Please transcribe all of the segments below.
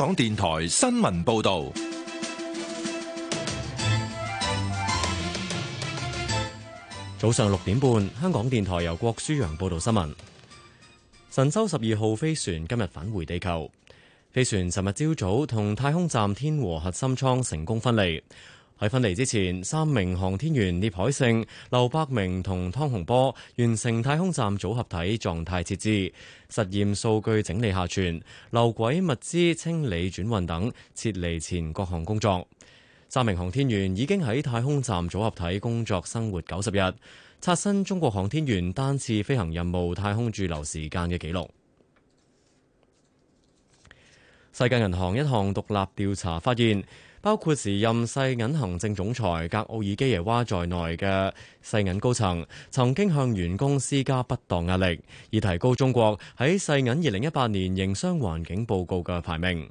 港電台新聞報道，早上六點半，香港電台由郭舒揚報道新聞。神舟十二號飛船今日返回地球，飛船尋日朝早同太空站天和核心艙成功分離。喺分離之前，三名航天員聶海勝、劉伯明同湯洪波完成太空站組合體狀態設置、實驗數據整理下傳、留軌物資清理轉運等撤離前各項工作。三名航天員已經喺太空站組合體工作生活九十日，刷新中國航天員單次飛行任務太空駐留時間嘅紀錄。世界銀行一項獨立調查發現，包括時任世銀行政總裁格奧爾基耶娃在內嘅世銀高層，曾經向員工施加不當壓力，以提高中國喺世銀二零一八年營商環境報告嘅排名。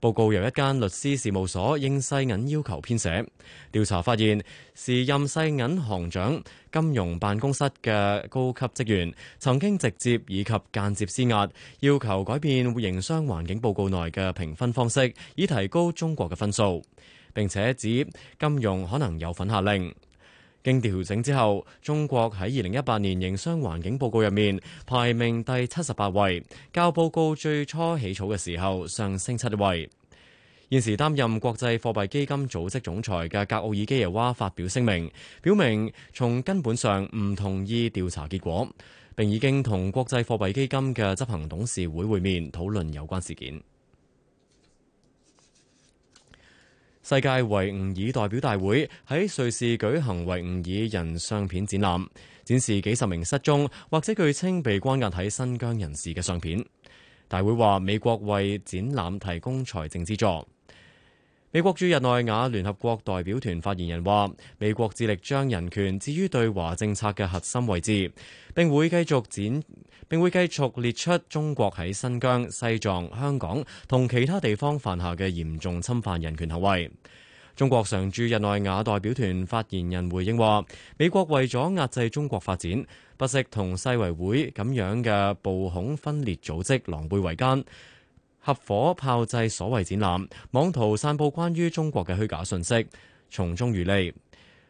報告由一間律師事務所應世銀要求編寫。調查發現，時任世銀行長金墉辦公室嘅高級職員曾經直接以及間接施壓，要求改變營商環境報告內嘅評分方式，以提高中國嘅分數。並且指金墉可能有份下令。經調整之後，中國喺二零一八年營商環境報告入面排名第七十八位，較報告最初起草嘅時候上升七位。現時擔任國際貨幣基金組織總裁嘅格奧爾基耶娃發表聲明，表明從根本上唔同意調查結果，並已經同國際貨幣基金嘅執行董事會會面討論有關事件。世界維吾爾代表大會喺瑞士舉行維吾爾人相片展覽，展示幾十名失蹤或者據稱被關押喺新疆人士嘅相片。大會話美國為展覽提供財政資助。美國駐日內瓦聯合國代表團發言人話：美國致力將人權置於對華政策嘅核心位置，並會繼續展，並會繼續列出中國喺新疆、西藏、香港同其他地方犯下嘅嚴重侵犯人權行為。中國常駐日內瓦代表團發言人回應話：美國為咗壓制中國發展，不惜同世維會咁樣嘅暴恐分裂組織狼狽為奸。合夥炮製所謂展覽，妄圖散佈關於中國嘅虛假信息，從中漁利。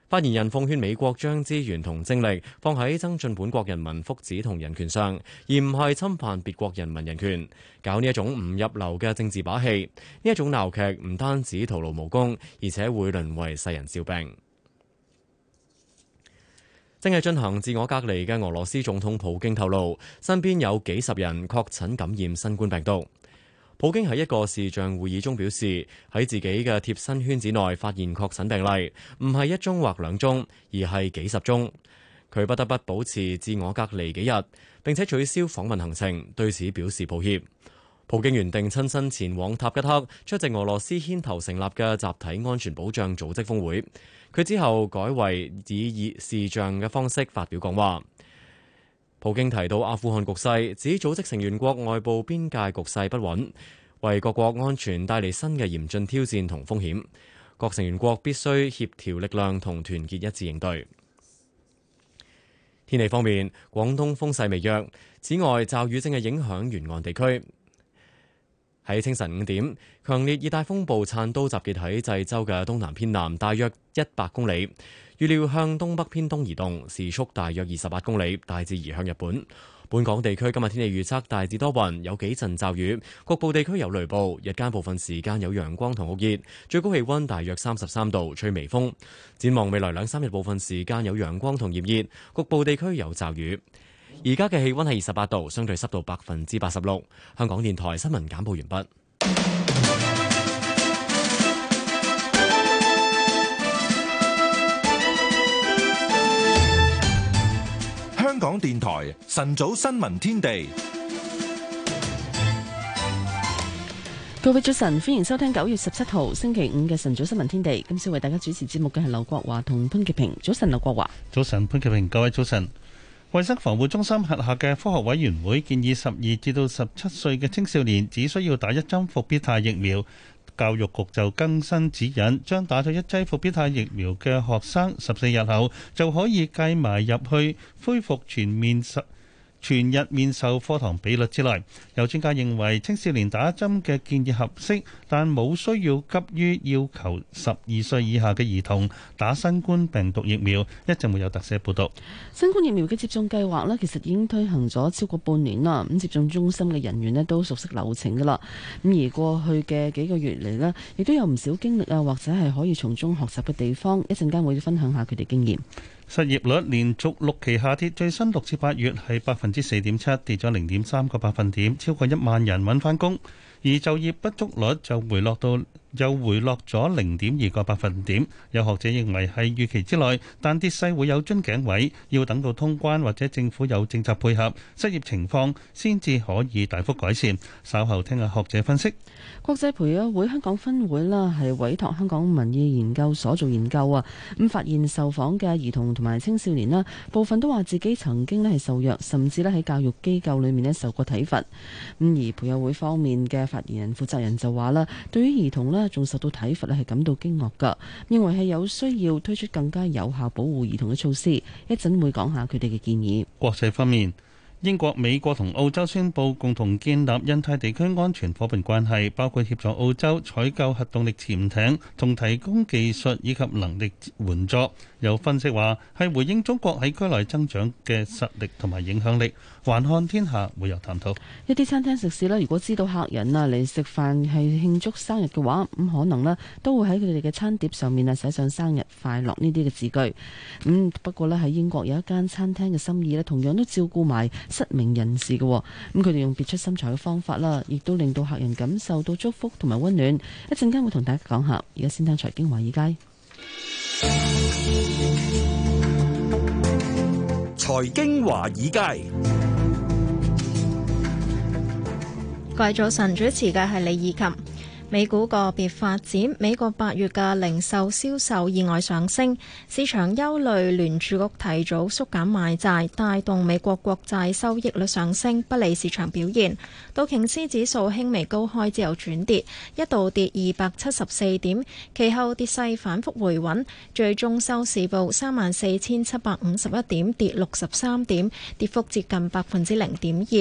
發言人奉勸美國將資源同精力放喺增進本國人民福祉同人權上，而唔係侵犯別國人民人權，搞呢一種唔入流嘅政治把戲，呢一種鬧劇唔單止徒勞無功，而且會淪為世人笑柄。正係進行自我隔離嘅俄羅斯總統普京透露，身邊有幾十人確診感染新冠病毒。普京喺一個視像會議中表示，喺自己嘅貼身圈子內發現確診病例，唔係一宗或兩宗，而係幾十宗。佢不得不保持自我隔離幾日，並且取消訪問行程，對此表示抱歉。普京原定親身前往塔吉克出席俄羅斯牽頭成立嘅集體安全保障組織峰會，佢之後改為以，以視像嘅方式發表講話。普京提到阿富汗局勢，指組織成員國外部邊界局勢不穩，為各國安全帶嚟新嘅嚴峻挑戰同風險。各成員國必須協調力量同團結一致應對。天氣方面，廣東風勢微弱，此外驟雨正係影響沿岸地區。喺清晨五點，強烈熱帶風暴燦都集結喺濟州嘅東南偏南大約一百公里。預料向東北偏東移動，時速大約二十八公里，大致移向日本。本港地區今日天氣預測，大致多雲，有幾陣驟雨，局部地區有雷暴。日間部分時間有陽光同酷熱，最高氣溫大約三十三度，吹微風。展望未來兩三日，部分時間有陽光同炎熱，局部地區有驟雨。而家嘅氣溫係二十八度，相對濕度百分之八十六。香港電台新聞簡報完畢。香港電台晨早新聞天地，各位早晨，歡迎收聽九月十七號星期五嘅晨早新聞天地。今次為大家主持節目嘅係劉國華同潘潔平。早晨，劉國華，早晨，潘潔平，各位早晨。衛生防護中心轄下嘅科學委員會建議，十二至到十七歲嘅青少年只需要打一針復必泰疫苗。教育局就更新指引，將打咗一劑復必泰疫苗嘅學生，十四日後就可以計埋入去恢復全面實全日面授課堂比率之內，有專家認為青少年打針嘅建議合適，但冇需要急於要求十二歲以下嘅兒童打新冠病毒疫苗。一陣會有特寫報道。新冠疫苗嘅接種計劃呢，其實已經推行咗超過半年啦。咁接種中心嘅人員呢，都熟悉流程㗎喇。咁而過去嘅幾個月嚟呢，亦都有唔少經歷啊，或者係可以從中學習嘅地方。一陣間會分享下佢哋經驗。失業率連續六期下跌，最新六至八月係百分之四點七，跌咗零點三個百分點，超過一萬人揾翻工。而就業不足率就回落到又回落咗零點二個百分點，有學者認為係預期之內，但跌勢會有樽頸位，要等到通關或者政府有政策配合，失業情況先至可以大幅改善。稍後聽下學者分析。國際培育會香港分會啦，係委託香港民意研究所做研究啊，咁發現受訪嘅兒童同埋青少年啦，部分都話自己曾經呢係受虐，甚至呢喺教育機構裡面呢受過體罰。咁而培育會方面嘅。發言人負責人就話啦，對於兒童呢，仲受到體罰咧，係感到驚愕噶，認為係有需要推出更加有效保護兒童嘅措施。講一陣會講下佢哋嘅建議。國際方面，英國、美國同澳洲宣布共同建立印太地區安全伙伴關係，包括協助澳洲採購核動力潛艇同提供技術以及能力援助。有分析話係回應中國喺區內增長嘅實力同埋影響力。環看天下會有探討。一啲餐廳食肆咧，如果知道客人啊嚟食飯係慶祝生日嘅話，咁可能咧都會喺佢哋嘅餐碟上面啊寫上生日快樂呢啲嘅字句。咁、嗯、不過咧喺英國有一間餐廳嘅心意咧，同樣都照顧埋失明人士嘅。咁佢哋用別出心裁嘅方法啦，亦都令到客人感受到祝福同埋溫暖。一陣間會同大家講下。而家先聽財經華爾街。財經華爾街，各位早晨，主持嘅係李綺琴。美股個別發展，美國八月嘅零售銷售意外上升，市場憂慮聯儲局提早縮減買債，帶動美國國債收益率上升，不利市場表現。道瓊斯指數輕微高開之後轉跌，一度跌二百七十四點，其後跌勢反覆回穩，最終收市報三萬四千七百五十一點，跌六十三點，跌幅接近百分之零點二。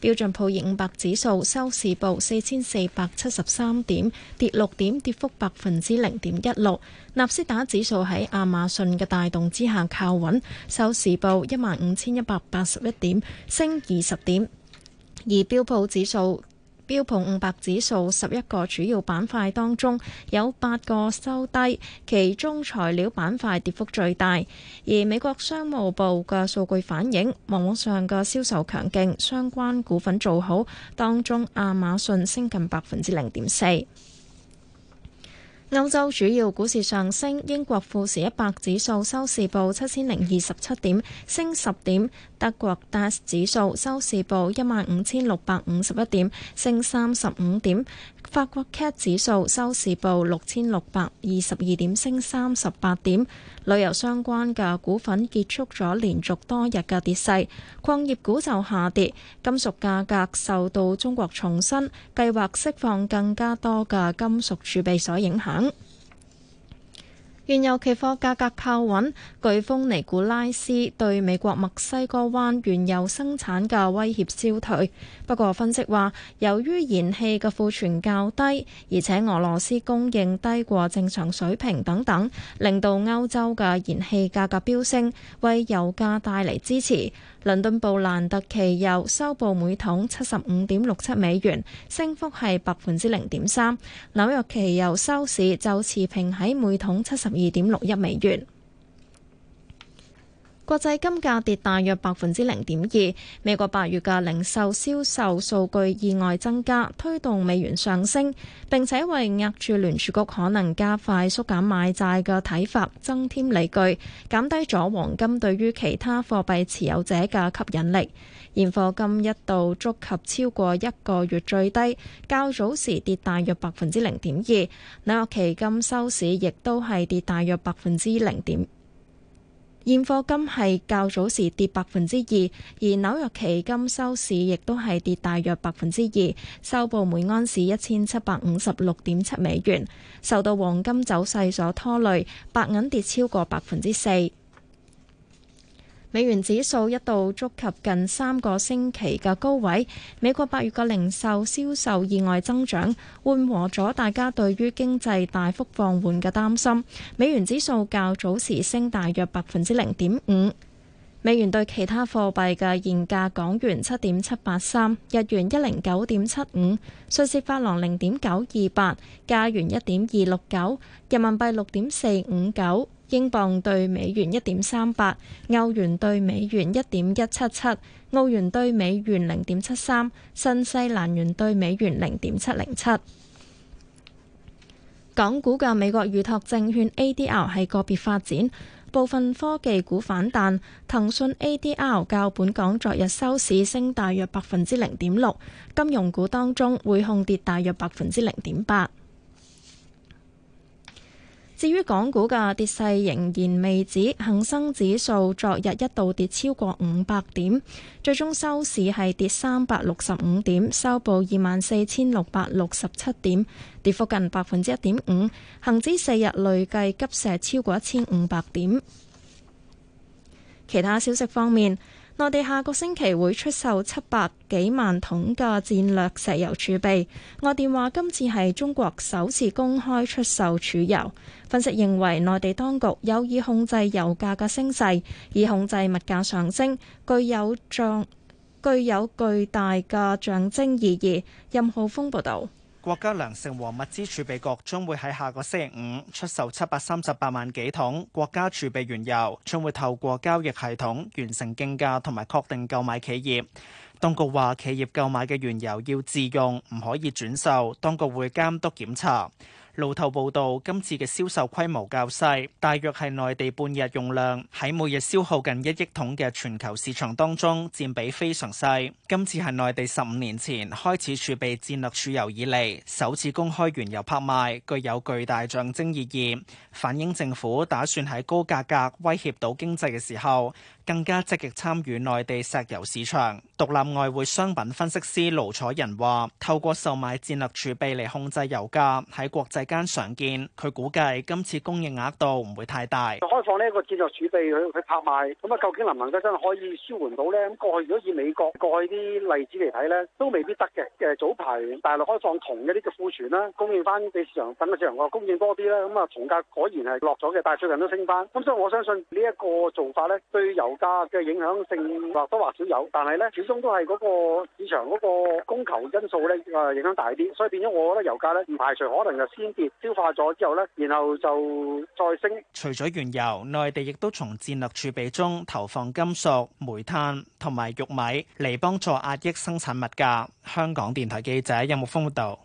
標準普爾五百指數收市報四千四百七十三點。跌六點，跌幅百分之零點一六。納斯達指數喺亞馬遜嘅帶動之下靠穩，收市報一萬五千一百八十一點，升二十點。而標普指數標普五百指數十一個主要板塊當中有八個收低，其中材料板塊跌幅最大。而美國商務部嘅數據反映，網上嘅銷售強勁，相關股份做好，當中亞馬遜升近百分之零點四。歐洲主要股市上升，英國富時一百指數收市報七千零二十七點，升十點；德國 DAX 指數收市報一萬五千六百五十一點，升三十五點；法國 CAC 指數收市報六千六百二十二點，升三十八點。旅遊相關嘅股份結束咗連續多日嘅跌勢，礦業股就下跌，金屬價格受到中國重申計劃釋放更加多嘅金屬儲備所影響。原油期貨價格靠穩，颶風尼古拉斯對美國墨西哥灣原油生產嘅威脅消退。不過，分析話，由於燃氣嘅庫存較低，而且俄羅斯供應低過正常水平等等，令到歐洲嘅燃氣價格飆升，為油價帶嚟支持。倫敦布蘭特期油收報每桶七十五點六七美元，升幅係百分之零點三。紐約期油收市就持平喺每桶七十二點六一美元。國際金價跌大約百分之零點二，美國八月嘅零售銷售數據意外增加，推動美元上升，並且為壓住聯儲局可能加快縮減買債嘅睇法增添理據，減低咗黃金對於其他貨幣持有者嘅吸引力。現貨金一度觸及超過一個月最低，較早時跌大約百分之零點二，紐約期金收市亦都係跌大約百分之零點。現貨金係較早時跌百分之二，而紐約期金收市亦都係跌大約百分之二，收報每安士一千七百五十六點七美元。受到黃金走勢所拖累，白銀跌超過百分之四。美元指數一度觸及近三個星期嘅高位，美國八月嘅零售銷售意外增長，緩和咗大家對於經濟大幅放緩嘅擔心。美元指數較早時升大約百分之零點五。美元對其他貨幣嘅現價：港元七點七八三，日元一零九點七五，瑞士法郎零點九二八，加元一點二六九，人民幣六點四五九。英鎊對美元一點三八，歐元對美元一點一七七，澳元對美元零點七三，新西蘭元對美元零點七零七。港股嘅美國預托證券 ADR 係個別發展，部分科技股反彈，騰訊 ADR 較本港昨日收市升大約百分之零點六，金融股當中匯控跌大約百分之零點八。至於港股嘅跌勢仍然未止，恒生指數昨日一度跌超過五百點，最終收市係跌三百六十五點，收報二萬四千六百六十七點，跌幅近百分之一點五。恒指四日累計急瀉超過一千五百點。其他消息方面。內地下個星期會出售七百幾萬桶嘅戰略石油儲備。外電話今次係中國首次公開出售儲油。分析認為，內地當局有意控制油價嘅升勢，以控制物價上升，具有壯具有巨大嘅象徵意義。任浩峰報道。國家糧食和物資儲備局將會喺下個星期五出售七百三十八萬幾桶國家儲備原油，將會透過交易系統完成競價同埋確定購買企業。當局話，企業購買嘅原油要自用，唔可以轉售，當局會監督檢查。路透報道，今次嘅銷售規模較細，大約係內地半日用量。喺每日消耗近一億桶嘅全球市場當中，佔比非常細。今次係內地十五年前開始儲備戰略儲油以嚟，首次公開原油拍賣，具有巨大象徵意義，反映政府打算喺高價格威脅到經濟嘅時候，更加積極參與內地石油市場。獨立外匯商品分析師盧楚仁話：透過售賣戰略儲備嚟控制油價，喺國際間常見，佢估計今次供應額度唔會太大。開放呢個戰略儲備去去拍賣，咁啊，究竟能唔能夠真係可以舒緩到咧？咁過去如果以美國過去啲例子嚟睇咧，都未必得嘅。誒，早排大陸開放銅嘅呢個庫存啦，供應翻俾市場，等個市場個供應多啲啦。咁啊，銅價果然係落咗嘅，但係最近都升翻。咁所以我相信呢一個做法咧，對油價嘅影響性或多或少有，但係咧始終都係嗰個市場嗰個供求因素咧啊影響大啲，所以變咗我覺得油價咧唔排除可能又先。消化咗之後咧，然後就再升。除咗原油，內地亦都從戰略儲備中投放金屬、煤炭同埋玉米嚟幫助壓抑生產物價。香港電台記者任浩峰報道。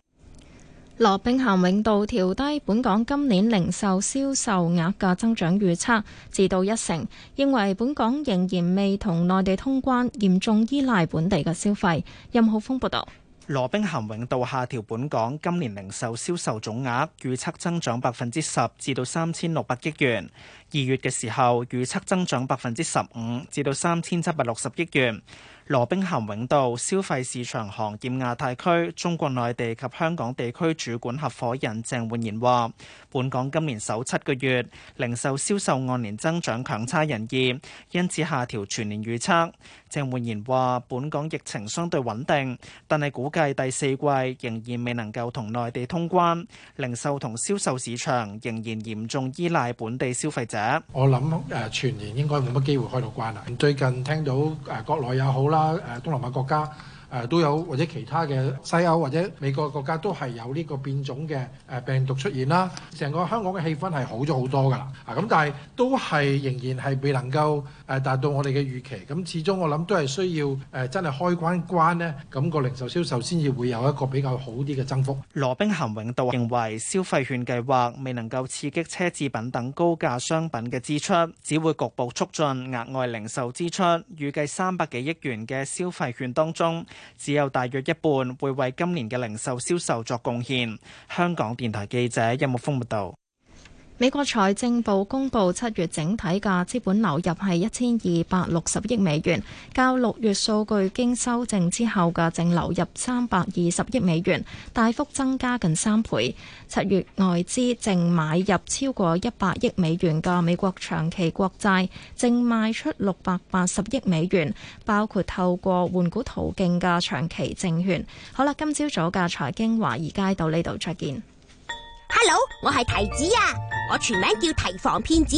羅兵咸永道調低本港今年零售銷售額嘅增長預測至到一成，認為本港仍然未同內地通關，嚴重依賴本地嘅消費。任浩峰報道。羅兵咸永道下調本港今年零售銷售，售總額預測增長百分之十至到三千六百億元。二月嘅時候預測增長百分之十五至到三千七百六十億元。羅兵咸永道消費市場行業亞太區中國內地及香港地區主管合夥人鄭煥然話：本港今年首七個月零售銷售按年增長強差人意，因此下調全年預測。鄭煥然話，本港疫情相對穩定，但係估計第四季仍然未能夠同內地通關，零售同銷售市場仍然嚴重依賴本地消費者。我諗誒，全年應該冇乜機會開到關啦。最近聽到誒，國內也好啦，誒，東南亞國家。誒都有或者其他嘅西歐或者美國國家都係有呢個變種嘅誒病毒出現啦。成個香港嘅氣氛係好咗好多噶啦。啊咁，但係都係仍然係未能夠誒達到我哋嘅預期。咁始終我諗都係需要誒真係開關關咧，咁個零售銷售先至會有一個比較好啲嘅增幅。羅兵咸永道認為消費券計劃未能夠刺激奢侈品等高價商品嘅支出，只會局部促進額外零售支出。預計三百幾億元嘅消費券當中，只有大約一半會為今年嘅零售銷售作貢獻。香港電台記者任木峯報道。美國財政部公布七月整體嘅資本流入係一千二百六十億美元，較六月數據經修正之後嘅淨流入三百二十億美元，大幅增加近三倍。七月外資淨買入超過一百億美元嘅美國長期國債，淨賣出六百八十億美元，包括透過換股途徑嘅長期證券。好啦，今朝早嘅財經華爾街到呢度，再見。Hello，我係提子啊！我全名叫提防騙子。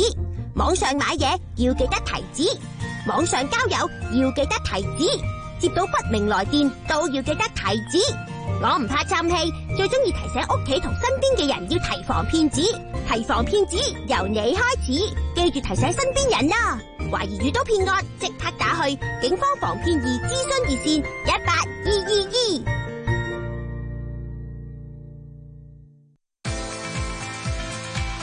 網上買嘢，要記得提子，網上交友要記得提子，接到不明來電都要記得提子。我唔怕參氣，最中意提醒屋企同身邊嘅人要提防騙子。提防騙子由你開始，記住提醒身邊人啦啊！懷疑遇到騙案，即刻打去警方防騙易諮詢熱線一八二二二。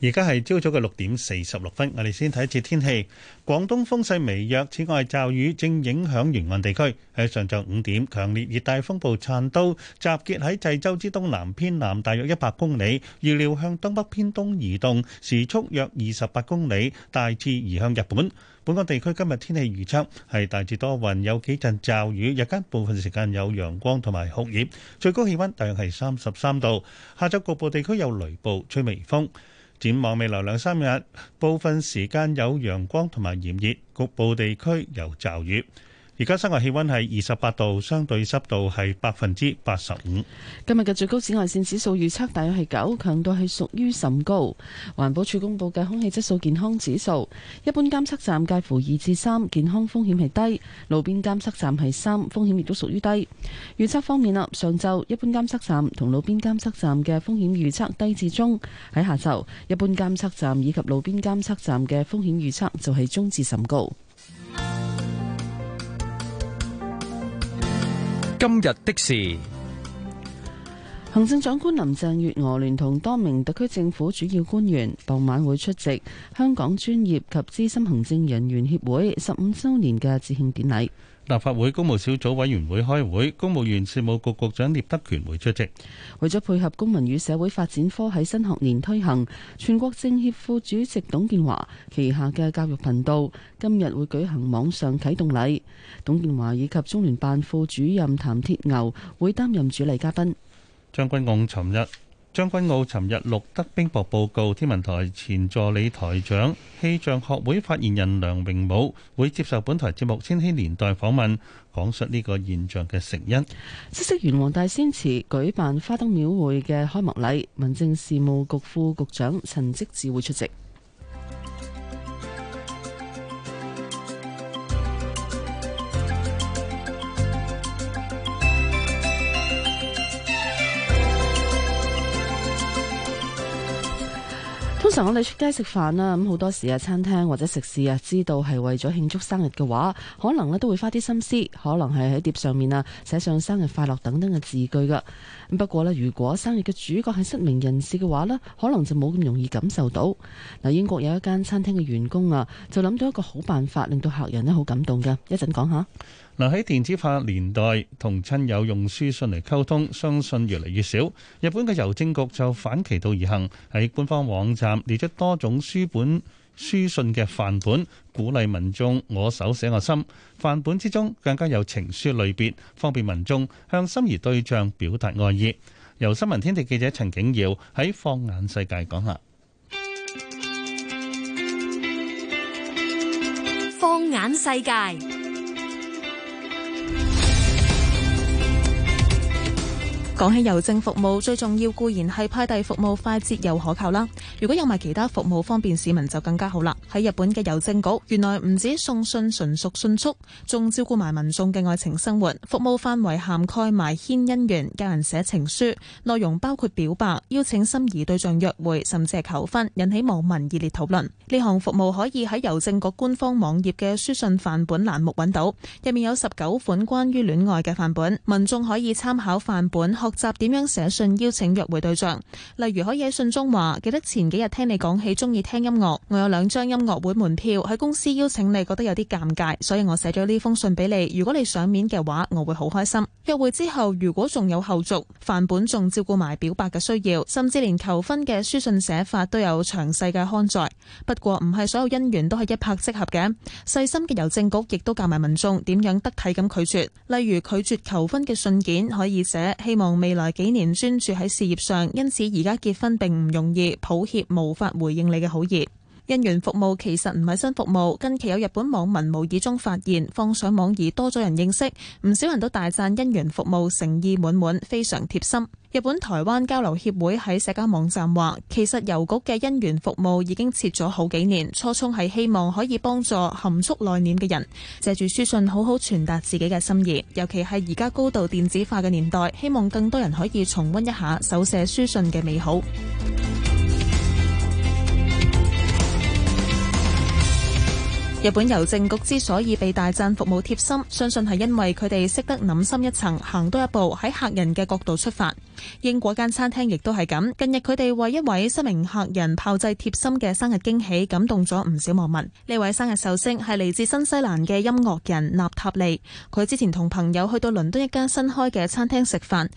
而家係朝早嘅六點四十六分，我哋先睇一次天氣。廣東風勢微弱，此外，驟雨，正影響沿岸地區。喺上晝五點，強烈熱帶風暴燦都集結喺濟州之東南偏南大約一百公里，預料向東北偏東移動，時速約二十八公里，大致移向日本。本港地區今日天，天氣預測係大致多雲，有幾陣驟雨，日間部分時間有陽光同埋酷熱，最高氣溫大約係三十三度。下晝局部地區有雷暴，吹微風。展望未來兩三日，部分時間有陽光同埋炎熱，局部地區有驟雨。而家室外氣溫係二十八度，相對濕度係百分之八十五。今日嘅最高紫外線指數預測大約係九，強度係屬於甚高。環保署公布嘅空氣質素健康指數，一般監測站介乎二至三，健康風險係低；路邊監測站係三，風險亦都屬於低。預測方面啦，上晝一般監測站同路邊監測站嘅風險預測低至中；喺下晝，一般監測站以及路邊監測站嘅風險預測就係中至甚高。今日的事，行政長官林鄭月娥聯同多名特區政府主要官員，傍晚會出席香港專業及資深行政人員協會十五周年嘅致慶典禮。立法會公務小組委員會開會，公務員事務局局局長聶德權會出席。為咗配合公民與社會發展科喺新學年推行，全國政協副主席董建華旗下嘅教育頻道今日會舉行網上啟動禮。董建華以及中聯辦副主任譚鐵牛會擔任主禮嘉賓。將軍澳，尋日。將軍澳尋日錄得冰雹報告，天文台前助理台長、氣象學會發言人梁榮武會接受本台節目《千禧年代》訪問，講述呢個現象嘅成因。消息源：黃大仙祠舉辦花燈廟會嘅開幕禮，民政事務局副局長陳積志會出席。通常我哋出街食飯啊，咁好多時啊餐廳或者食肆啊，知道係為咗慶祝生日嘅話，可能呢都會花啲心思，可能係喺碟上面啊寫上生日快樂等等嘅字句噶。不過呢，如果生日嘅主角係失明人士嘅話呢，可能就冇咁容易感受到。嗱，英國有一間餐廳嘅員工啊，就諗到一個好辦法，令到客人呢好感動噶。一陣講下。嗱，喺電子化年代，同親友用書信嚟溝通，相信越嚟越少。日本嘅郵政局就反其道而行，喺官方網站列出多種書本書信嘅範本，鼓勵民眾我手寫我心。範本之中更加有情書類別，方便民眾向心儀對象表達愛意。由新聞天地記者陳景耀喺《放眼世界》講下《放眼世界》。講起郵政服務，最重要固然係派遞服務快捷又可靠啦。如果有埋其他服務方便市民就更加好啦。喺日本嘅郵政局，原來唔止送信純屬迅，迅速，仲照顧埋民眾嘅愛情生活。服務範圍涵蓋，蓋埋牽姻緣、有人寫情書，內容包括表白、邀請心儀對象約會、甚至係求婚，引起網民熱烈討論。呢項服務可以喺郵政局官方網頁嘅書信範本欄目揾到，入面有十九款關於戀愛嘅範本，民眾可以參考範本。學習點樣寫信邀請約會對象，例如可以喺信中話：記得前幾日聽你講起中意聽音樂，我有兩張音樂會門票喺公司邀請你，覺得有啲尷尬，所以我寫咗呢封信俾你。如果你賞面嘅話，我會好開心。約會之後，如果仲有後續，範本仲照顧埋表白嘅需要，甚至連求婚嘅書信寫法都有詳細嘅刊載。不過唔係所有姻緣都係一拍即合嘅，細心嘅郵政局亦都教埋民眾點樣得體咁拒絕，例如拒絕求婚嘅信件可以寫希望。未來幾年專注喺事業上，因此而家結婚並唔容易，抱歉無法回應你嘅好意。姻緣服務其實唔係新服務，近期有日本網民無意中發現放上網而多咗人認識，唔少人都大讚姻緣服務誠意滿滿，非常貼心。日本台灣交流協會喺社交網站話，其實郵局嘅姻緣服務已經設咗好幾年，初衷係希望可以幫助含蓄內斂嘅人，借住書信好好傳達自己嘅心意。尤其係而家高度電子化嘅年代，希望更多人可以重溫一下手寫書信嘅美好。日本郵政局之所以被大讚服務貼心，相信係因為佢哋識得諗深一層，行多一步，喺客人嘅角度出發。英國間餐廳亦都係咁。近日佢哋為一位失明客人炮製貼心嘅生日驚喜，感動咗唔少網民。呢位生日壽星係嚟自新西蘭嘅音樂人納塔利。佢之前同朋友去到倫敦一間新開嘅餐廳食飯。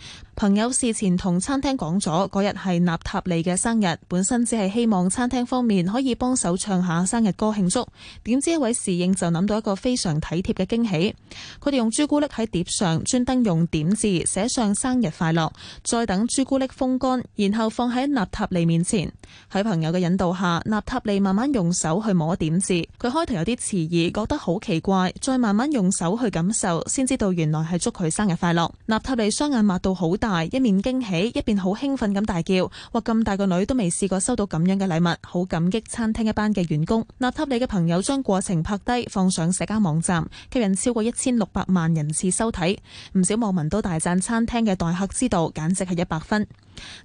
朋友事前同餐廳講咗嗰日係納塔利嘅生日，本身只係希望餐廳方面可以幫手唱下生日歌慶祝。點知一位侍應就諗到一個非常體貼嘅驚喜，佢哋用朱古力喺碟上專登用點字寫上生日快樂，再等朱古力風乾，然後放喺納塔利面前。喺朋友嘅引導下，納塔利慢慢用手去摸點字。佢開頭有啲遲疑，覺得好奇怪，再慢慢用手去感受，先知道原來係祝佢生日快樂。納塔利雙眼擘到好大。一面驚喜，一邊好興奮咁大叫，話咁大個女都未試過收到咁樣嘅禮物，好感激餐廳一班嘅員工。納塔里嘅朋友將過程拍低，放上社交網站，吸引超過一千六百萬人次收睇，唔少網民都大讚餐廳嘅待客之道，簡直係一百分。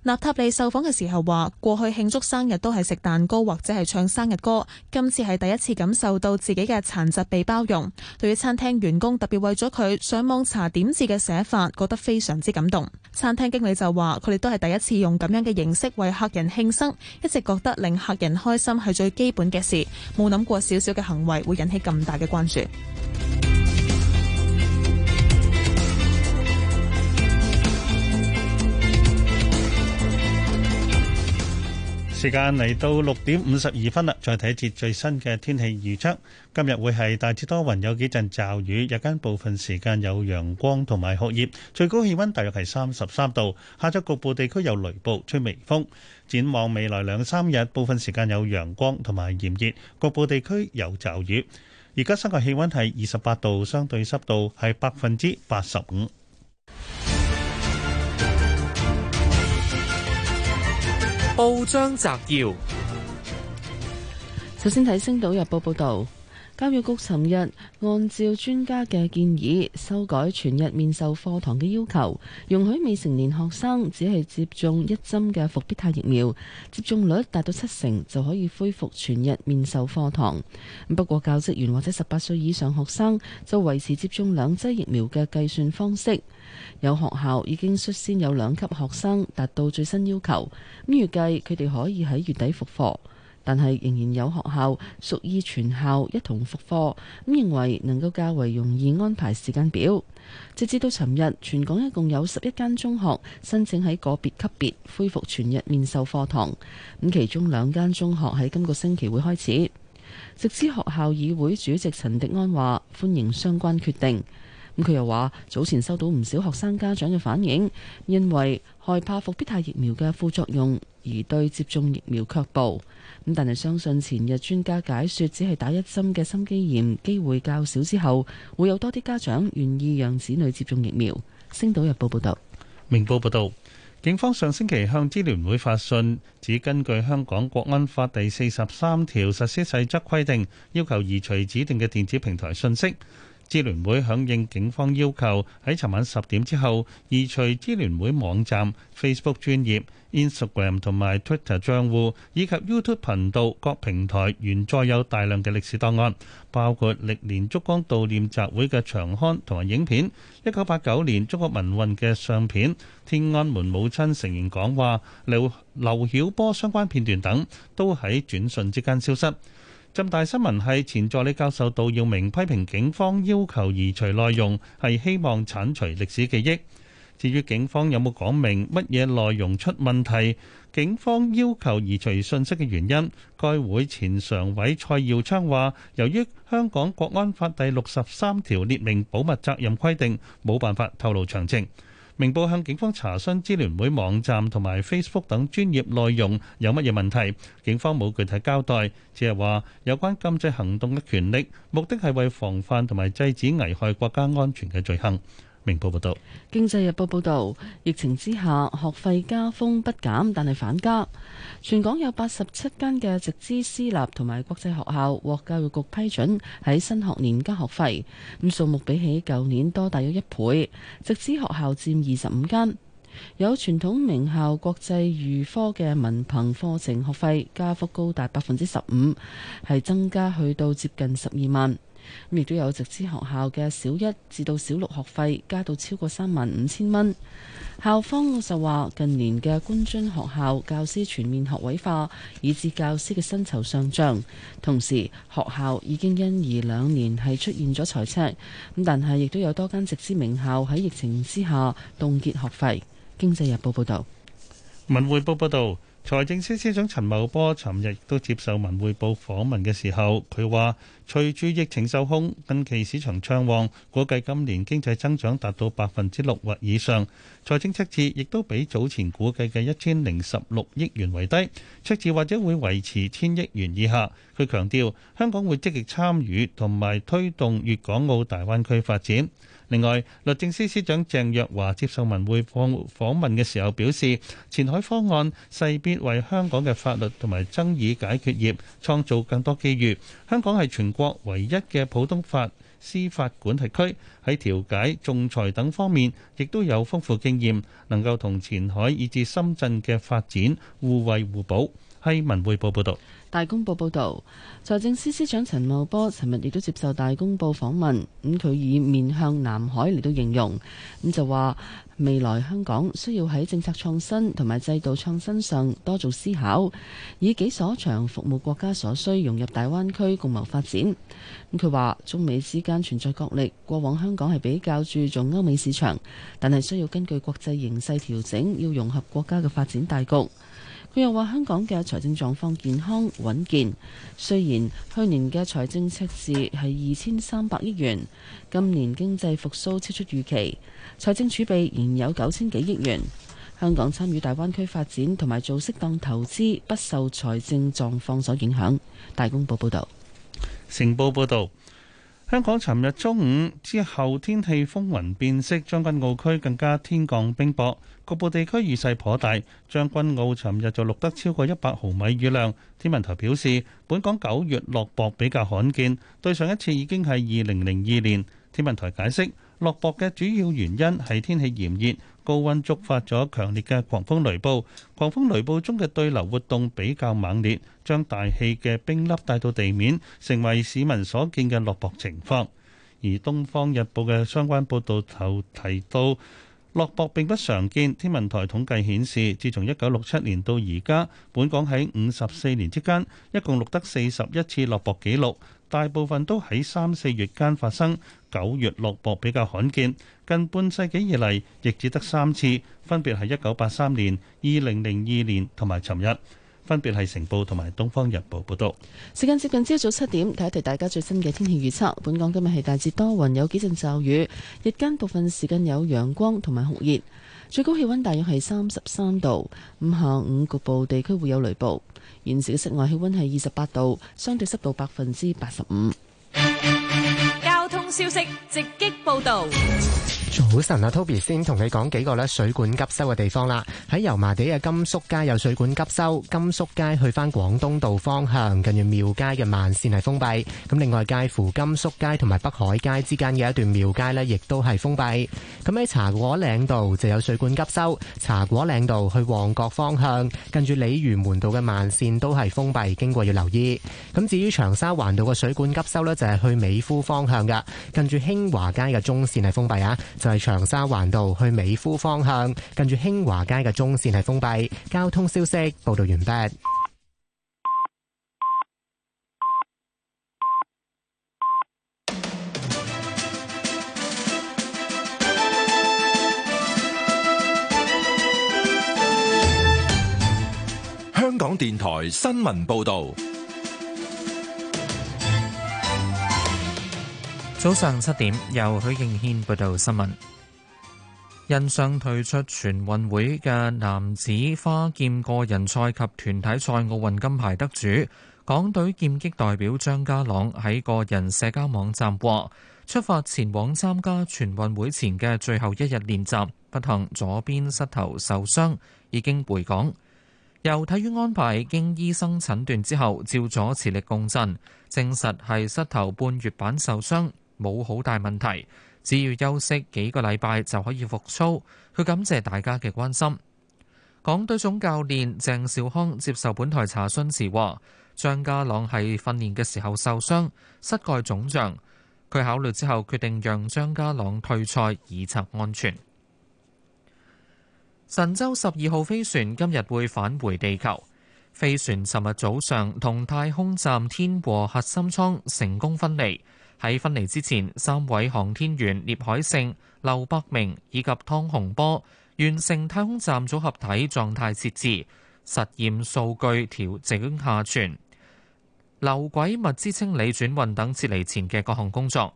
納塔利受訪嘅時候話：過去慶祝生日都係食蛋糕或者係唱生日歌，今次係第一次感受到自己嘅殘疾被包容。對於餐廳員工特別為咗佢上網查點字嘅寫法，覺得非常之感動。餐廳經理就話：佢哋都係第一次用咁樣嘅形式為客人慶生，一直覺得令客人開心係最基本嘅事，冇諗過少少嘅行為會引起咁大嘅關注。時間嚟到六點五十二分啦，再睇一節最新嘅天氣預測。今日會係大致多雲，有幾陣驟雨，日間部分時間有陽光同埋酷熱，最高氣温大約係三十三度。下晝局部地區有雷暴，吹微風。展望未來兩三日，部分時間有陽光同埋炎熱，局部地區有驟雨。而家室外氣温係二十八度，相對濕度係百分之八十五。報章摘要：首先睇《星島日報》報道，教育局尋日按照專家嘅建議，修改全日面授課堂嘅要求，容許未成年學生只係接種一針嘅復必泰疫苗，接種率達到七成就可以恢復全日面授課堂。不過，教職員或者十八歲以上學生就維持接種兩劑疫苗嘅計算方式。有學校已經率先有兩級學生達到最新要求，咁預計佢哋可以喺月底復課，但係仍然有學校屬意全校一同復課，咁認為能夠較為容易安排時間表。直至到尋日，全港一共有十一間中學申請喺個別級別恢復全日面授課堂，咁其中兩間中學喺今個星期會開始。直資學校議會主席陳迪安話：歡迎相關決定。咁佢又話：早前收到唔少學生家長嘅反應，認為害怕復必泰疫苗嘅副作用而對接種疫苗卻步。咁但係相信前日專家解説只係打一針嘅心肌炎機會較少之後，會有多啲家長願意讓子女接種疫苗。星島日報報道。明報報道，警方上星期向支聯會發信，指根據香港國安法第四十三條實施細則規定，要求移除指定嘅電子平台訊息。支聯會響應警方要求，喺尋晚十點之後移除支聯會網站、Facebook 專頁、Instagram 同埋 Twitter 帳戶以及 YouTube 頻道各平台原載有大量嘅歷史檔案，包括歷年燭光悼念集會嘅長刊同埋影片、一九八九年中國民運嘅相片、天安門母親成員講話、劉劉曉波相關片段等，都喺轉瞬之間消失。浸大新聞系前助理教授杜耀明批評警方要求移除內容，係希望剷除歷史記憶。至於警方有冇講明乜嘢內容出問題，警方要求移除信息嘅原因，該會前常委蔡耀昌話，由於香港國安法第六十三條列明保密責任規定，冇辦法透露詳情。明報向警方查詢支聯會網站同埋 Facebook 等專業內容有乜嘢問題，警方冇具體交代，只係話有關禁制行動嘅權力，目的係為防範同埋制止危害國家安全嘅罪行。明報報道，《經濟日報》報道，疫情之下，學費加幅不減，但係反加。全港有八十七間嘅直資私立同埋國際學校獲教育局批准喺新學年加學費，咁數目比起舊年多大約一倍。直資學校佔二十五間，有傳統名校國際預科嘅文憑課程學費加幅高達百分之十五，係增加去到接近十二萬。亦都有直資學校嘅小一至到小六學費加到超過三萬五千蚊，校方就話近年嘅官津學校教師全面學位化，以致教師嘅薪酬上漲，同時學校已經因而兩年係出現咗財赤，咁但係亦都有多間直資名校喺疫情之下凍結學費。經濟日報報道，文匯報報道。財政司司長陳茂波尋日亦都接受文匯報訪問嘅時候，佢話：隨住疫情受控，近期市場暢旺，估計今年經濟增長達到百分之六或以上。財政赤字亦都比早前估計嘅一千零十六億元為低，赤字或者會維持千億元以下。佢強調，香港會積極參與同埋推動粵港澳大灣區發展。另外，律政司司長鄭若驊接受文匯訪訪問嘅時候表示，前海方案勢必為香港嘅法律同埋爭議解決業創造更多機遇。香港係全國唯一嘅普通法司法管轄區，喺調解、仲裁等方面亦都有豐富經驗，能夠同前海以至深圳嘅發展互惠互補。係文匯報報道。大公報報導，財政司司長陳茂波尋日亦都接受大公報訪問，咁佢以面向南海嚟到形容，咁就話未來香港需要喺政策創新同埋制度創新上多做思考，以己所長服務國家所需，融入大灣區共謀發展。咁佢話中美之間存在角力，過往香港係比較注重歐美市場，但係需要根據國際形勢調整，要融合國家嘅發展大局。佢又話：香港嘅財政狀況健康穩健，雖然去年嘅財政赤字係二千三百億元，今年經濟復甦超出預期，財政儲備仍有九千幾億元。香港參與大灣區發展同埋做適當投資，不受財政狀況所影響。大公報報導，成報報導。香港尋日中午之後，天氣風雲變色，將軍澳區更加天降冰雹，局部地區雨勢頗大。將軍澳尋日就錄得超過一百毫米雨量。天文台表示，本港九月落雹比較罕見，對上一次已經係二零零二年。天文台解釋。落雹嘅主要原因係天氣炎熱，高温觸發咗強烈嘅狂風雷暴。狂風雷暴中嘅對流活動比較猛烈，將大氣嘅冰粒帶到地面，成為市民所見嘅落雹情況。而《東方日報》嘅相關報道頭提到，落雹並不常見。天文台統計顯示，自從一九六七年到而家，本港喺五十四年之間，一共錄得四十一次落雹記錄。大部分都喺三四月間發生，九月落雹比較罕見。近半世紀以嚟，亦只得三次，分別係一九八三年、二零零二年同埋尋日。分別係《成報》同埋《東方日報》報道。時間接近朝早七點，睇一睇大家最新嘅天氣預測。本港今日係大致多雲，有幾陣驟雨，日間部分時間有陽光同埋酷熱。最高氣溫大約係三十三度，咁下午局部地區會有雷暴。現時嘅室外氣溫係二十八度，相對濕度百分之八十五。交通消息直擊報道。早晨啊，Toby 先同你講幾個咧水管急修嘅地方啦。喺油麻地嘅甘肅街有水管急修，甘肅街去返廣東道方向，近住廟街嘅慢線係封閉。咁另外介乎甘肅街同埋北海街之間嘅一段廟街咧，亦都係封閉。咁喺茶果嶺道就有水管急修，茶果嶺道去旺角方向，近住鯉魚門道嘅慢線都係封閉，經過要留意。咁至於長沙灣道嘅水管急修咧，就係去美孚方向嘅，近住興華街嘅中線係封閉啊。在長沙環道去美孚方向，近住興華街嘅中線係封閉。交通消息報道完畢。香港電台新聞報道。早上七點，由許敬軒報道新聞。因傷退出全運會嘅男子花劍個人賽及團體賽奧運金牌得主港隊劍擊代表張家朗喺個人社交網站話，出發前往參加全運會前嘅最後一日練習，不幸左邊膝頭受傷，已經回港。由體院安排經醫生診斷之後，照咗磁力共振，證實係膝頭半月板受傷。冇好大問題，只要休息幾個禮拜就可以復操。佢感謝大家嘅關心。港隊總教練鄭少康接受本台查詢時話，張家朗喺訓練嘅時候受傷，膝蓋腫脹。佢考慮之後決定讓張家朗退賽，以策安全。神舟十二號飛船今日會返回地球。飛船尋日早上同太空站天和核心艙成功分離。喺分離之前，三位航天員聶海勝、劉伯明以及湯洪波完成太空站組合體狀態設置、實驗數據調整下傳、流軌物資清理轉運等撤離前嘅各項工作。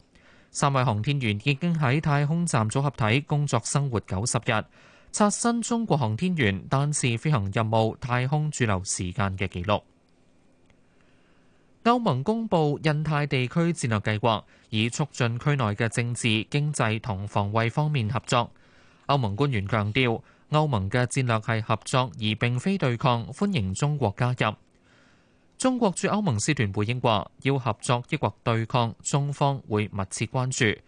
三位航天員已經喺太空站組合體工作生活九十日，刷新中國航天員單次飛行任務太空駐留時間嘅紀錄。歐盟公布印太地區戰略計劃，以促進區內嘅政治、經濟同防衛方面合作。歐盟官員強調，歐盟嘅戰略係合作，而並非對抗，歡迎中國加入。中國駐歐盟使團回應話，要合作抑或對抗，中方會密切關注。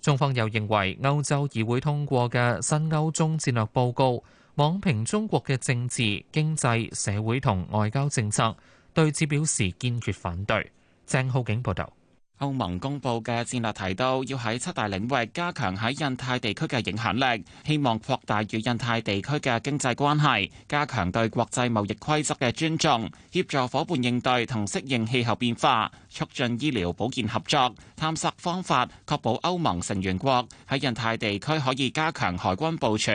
中方又認為，歐洲議會通過嘅新歐中戰略報告，妄評中國嘅政治、經濟、社會同外交政策。對此表示堅決反對。鄭浩景報道，歐盟公布嘅戰略提到，要喺七大領域加強喺印太地區嘅影響力，希望擴大與印太地區嘅經濟關係，加強對國際貿易規則嘅尊重，協助伙伴應對同適應氣候變化，促進醫療保健合作，探索方法確保歐盟成員國喺印太地區可以加強海軍部署。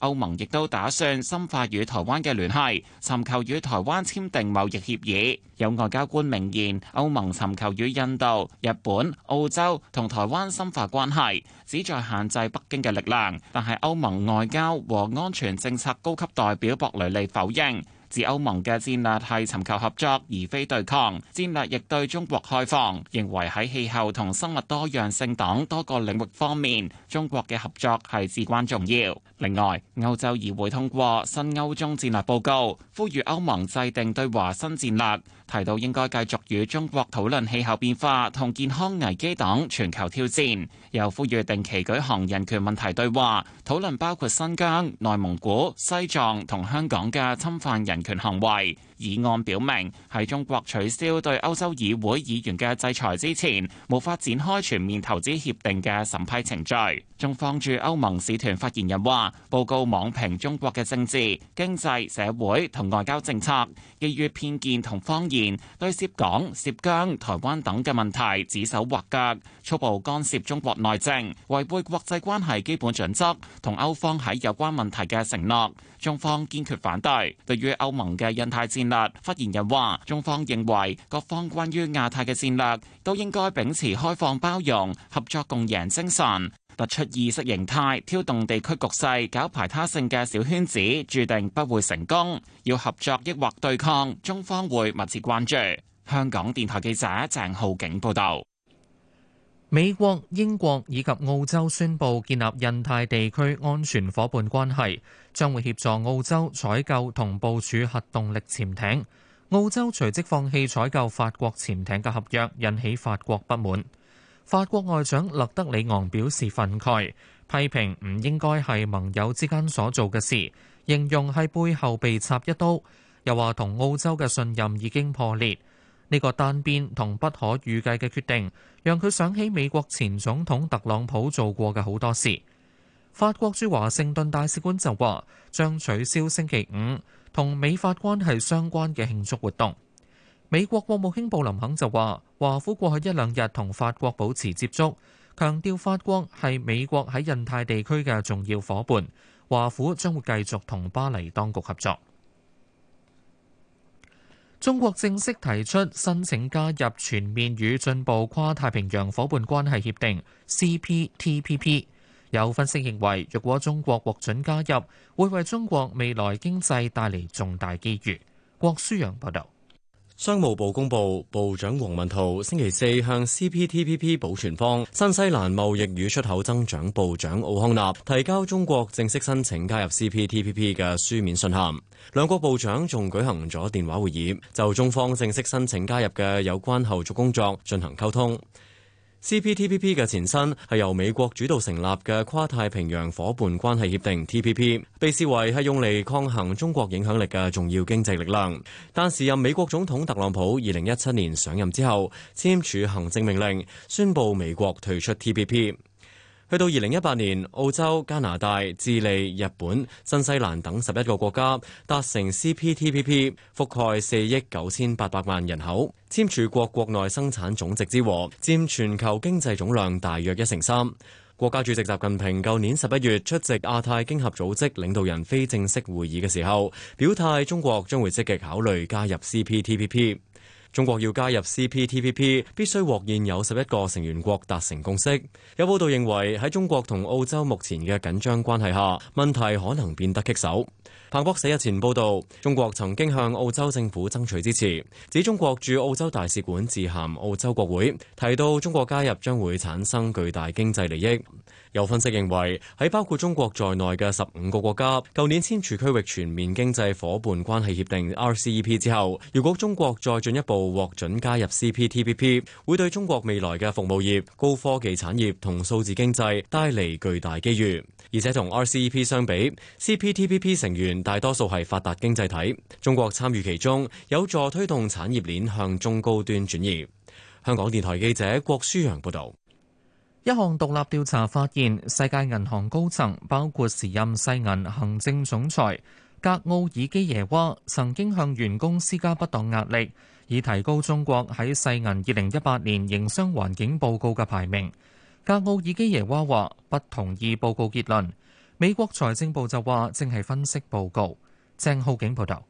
歐盟亦都打算深化與台灣嘅聯繫，尋求與台灣簽訂貿易協議。有外交官明言，歐盟尋求與印度、日本、澳洲同台灣深化關係，旨在限制北京嘅力量。但係歐盟外交和安全政策高級代表博雷利否認。指歐盟嘅戰略係尋求合作，而非對抗。戰略亦對中國開放，認為喺氣候同生物多樣性等多個領域方面，中國嘅合作係至關重要。另外，歐洲議會通過新歐中戰略報告，呼籲歐盟制定對華新戰略。提到應該繼續與中國討論氣候變化同健康危機等全球挑戰，又呼籲定期舉行人權問題對話，討論包括新疆、內蒙古、西藏同香港嘅侵犯人權行為。議案表明，喺中國取消對歐洲議會議員嘅制裁之前，無法展開全面投資協定嘅審批程序。中方駐歐盟使團發言人話：報告妄評中國嘅政治、經濟、社會同外交政策，基於偏見同謊言，對涉港、涉疆、台灣等嘅問題指手畫腳，粗暴干涉中國內政，違背國際關係基本準則同歐方喺有關問題嘅承諾。中方堅決反對，對於歐盟嘅印太戰略。發言人話：中方認為，各方關於亞太嘅戰略都應該秉持開放包容、合作共贏精神，突出意識形態挑動地區局勢、搞排他性嘅小圈子，注定不會成功。要合作抑或對抗，中方會密切關注。香港電台記者鄭浩景報道。美國、英國以及澳洲宣布建立印太地區安全夥伴關係，將會協助澳洲採購同部署核動力潛艇。澳洲隨即放棄採購法國潛艇嘅合約，引起法國不滿。法國外長勒德里昂表示憤慨，批評唔應該係盟友之間所做嘅事，形容係背後被插一刀，又話同澳洲嘅信任已經破裂。呢個單邊同不可預計嘅決定，讓佢想起美國前總統特朗普做過嘅好多事。法國駐華盛頓大使館就話，將取消星期五同美法關係相關嘅慶祝活動。美國國務卿布林肯就話，華府過去一兩日同法國保持接觸，強調法國係美國喺印太地區嘅重要伙伴，華府將會繼續同巴黎當局合作。中國正式提出申請加入全面與進步跨太平洋伙伴關係協定 （CPTPP）。有分析認為，若果中國獲准加入，會為中國未來經濟帶嚟重大機遇。郭舒陽報道。商務部公布，部長王文濤星期四向 CPTPP 保存方新西蘭貿易與出口增長部長奧康納提交中國正式申請加入 CPTPP 嘅書面信函。兩國部長仲舉行咗電話會議，就中方正式申請加入嘅有關後續工作進行溝通。CPTPP 嘅前身係由美國主導成立嘅跨太平洋夥伴關係協定 TPP，被視為係用嚟抗衡中國影響力嘅重要經濟力量。但時任美國總統特朗普二零一七年上任之後，簽署行政命令，宣布美國退出 TPP。去到二零一八年，澳洲、加拿大、智利、日本、新西蘭等十一個國家達成 CPTPP，覆蓋四億九千八百萬人口，簽署國國內生產總值之和佔全球經濟總量大約一成三。國家主席習近平舊年十一月出席亞太經合組織領導人非正式會議嘅時候，表態，中國將會積極考慮加入 CPTPP。中國要加入 CPTPP，必須獲現有十一個成員國達成共識。有報道認為喺中國同澳洲目前嘅緊張關係下，問題可能變得棘手。彭博社日前報導，中國曾經向澳洲政府爭取支持，指中國駐澳洲大使館致函澳洲國會，提到中國加入將會產生巨大經濟利益。有分析認為，喺包括中國在內嘅十五個國家，舊年簽署區域全面經濟伙伴關係協定 （RCEP） 之後，如果中國再進一步獲准加入 CPTPP，會對中國未來嘅服務業、高科技產業同數字經濟帶嚟巨大機遇。而且同 RCEP 相比，CPTPP 成員大多數係發達經濟體，中國參與其中，有助推動產業鏈向中高端轉移。香港電台記者郭舒揚報導。一項獨立調查發現，世界銀行高層，包括時任世銀行政總裁格奧爾基耶娃，曾經向員工施加不當壓力，以提高中國喺世銀二零一八年營商環境報告嘅排名。格奧爾基耶娃話不同意報告結論，美國財政部就話正係分析報告。鄭浩景報道。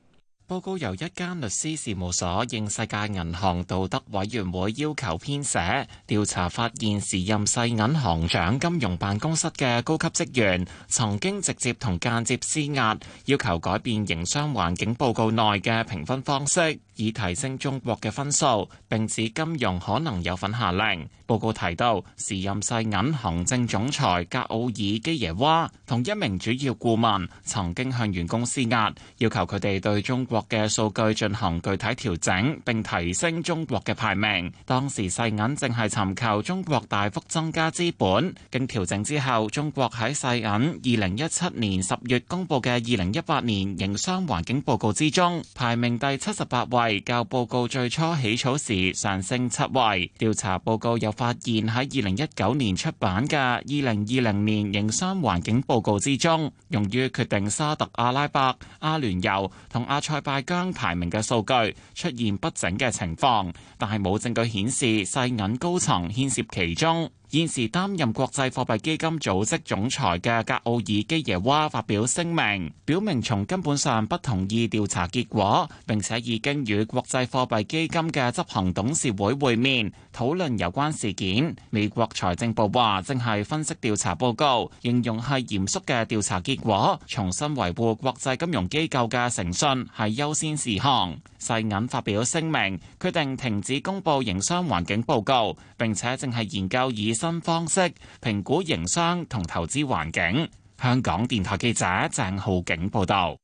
報告由一間律師事務所應世界銀行道德委員會要求編寫，調查發現時任世銀行長金融辦公室嘅高級職員曾經直接同間接施壓，要求改變營商環境報告內嘅評分方式。以提升中國嘅分數，並指金融可能有份下令。報告提到，時任世銀行政總裁格奧爾基耶娃同一名主要顧問曾經向員工施壓，要求佢哋對中國嘅數據進行具體調整，並提升中國嘅排名。當時世銀正係尋求中國大幅增加資本。經調整之後，中國喺世銀二零一七年十月公布嘅二零一八年營商環境報告之中，排名第七十八位。研教報告最初起草時上升七位調查報告，又發現喺二零一九年出版嘅二零二零年營商環境報告之中，用於決定沙特阿拉伯、阿聯酋同阿塞拜疆排名嘅數據出現不整嘅情況，但係冇證據顯示世銀高層牽涉其中。現時擔任國際貨幣基金組織總裁嘅格奧爾基耶娃發表聲明，表明從根本上不同意調查結果，並且已經與國際貨幣基金嘅執行董事會會面討論有關事件。美國財政部話，正係分析調查報告，形容係嚴肅嘅調查結果，重新維護國際金融機構嘅誠信係優先事項。世銀發表聲明，決定停止公布營商環境報告，並且正係研究以。新方式評估營商同投資環境。香港電台記者鄭浩景報道。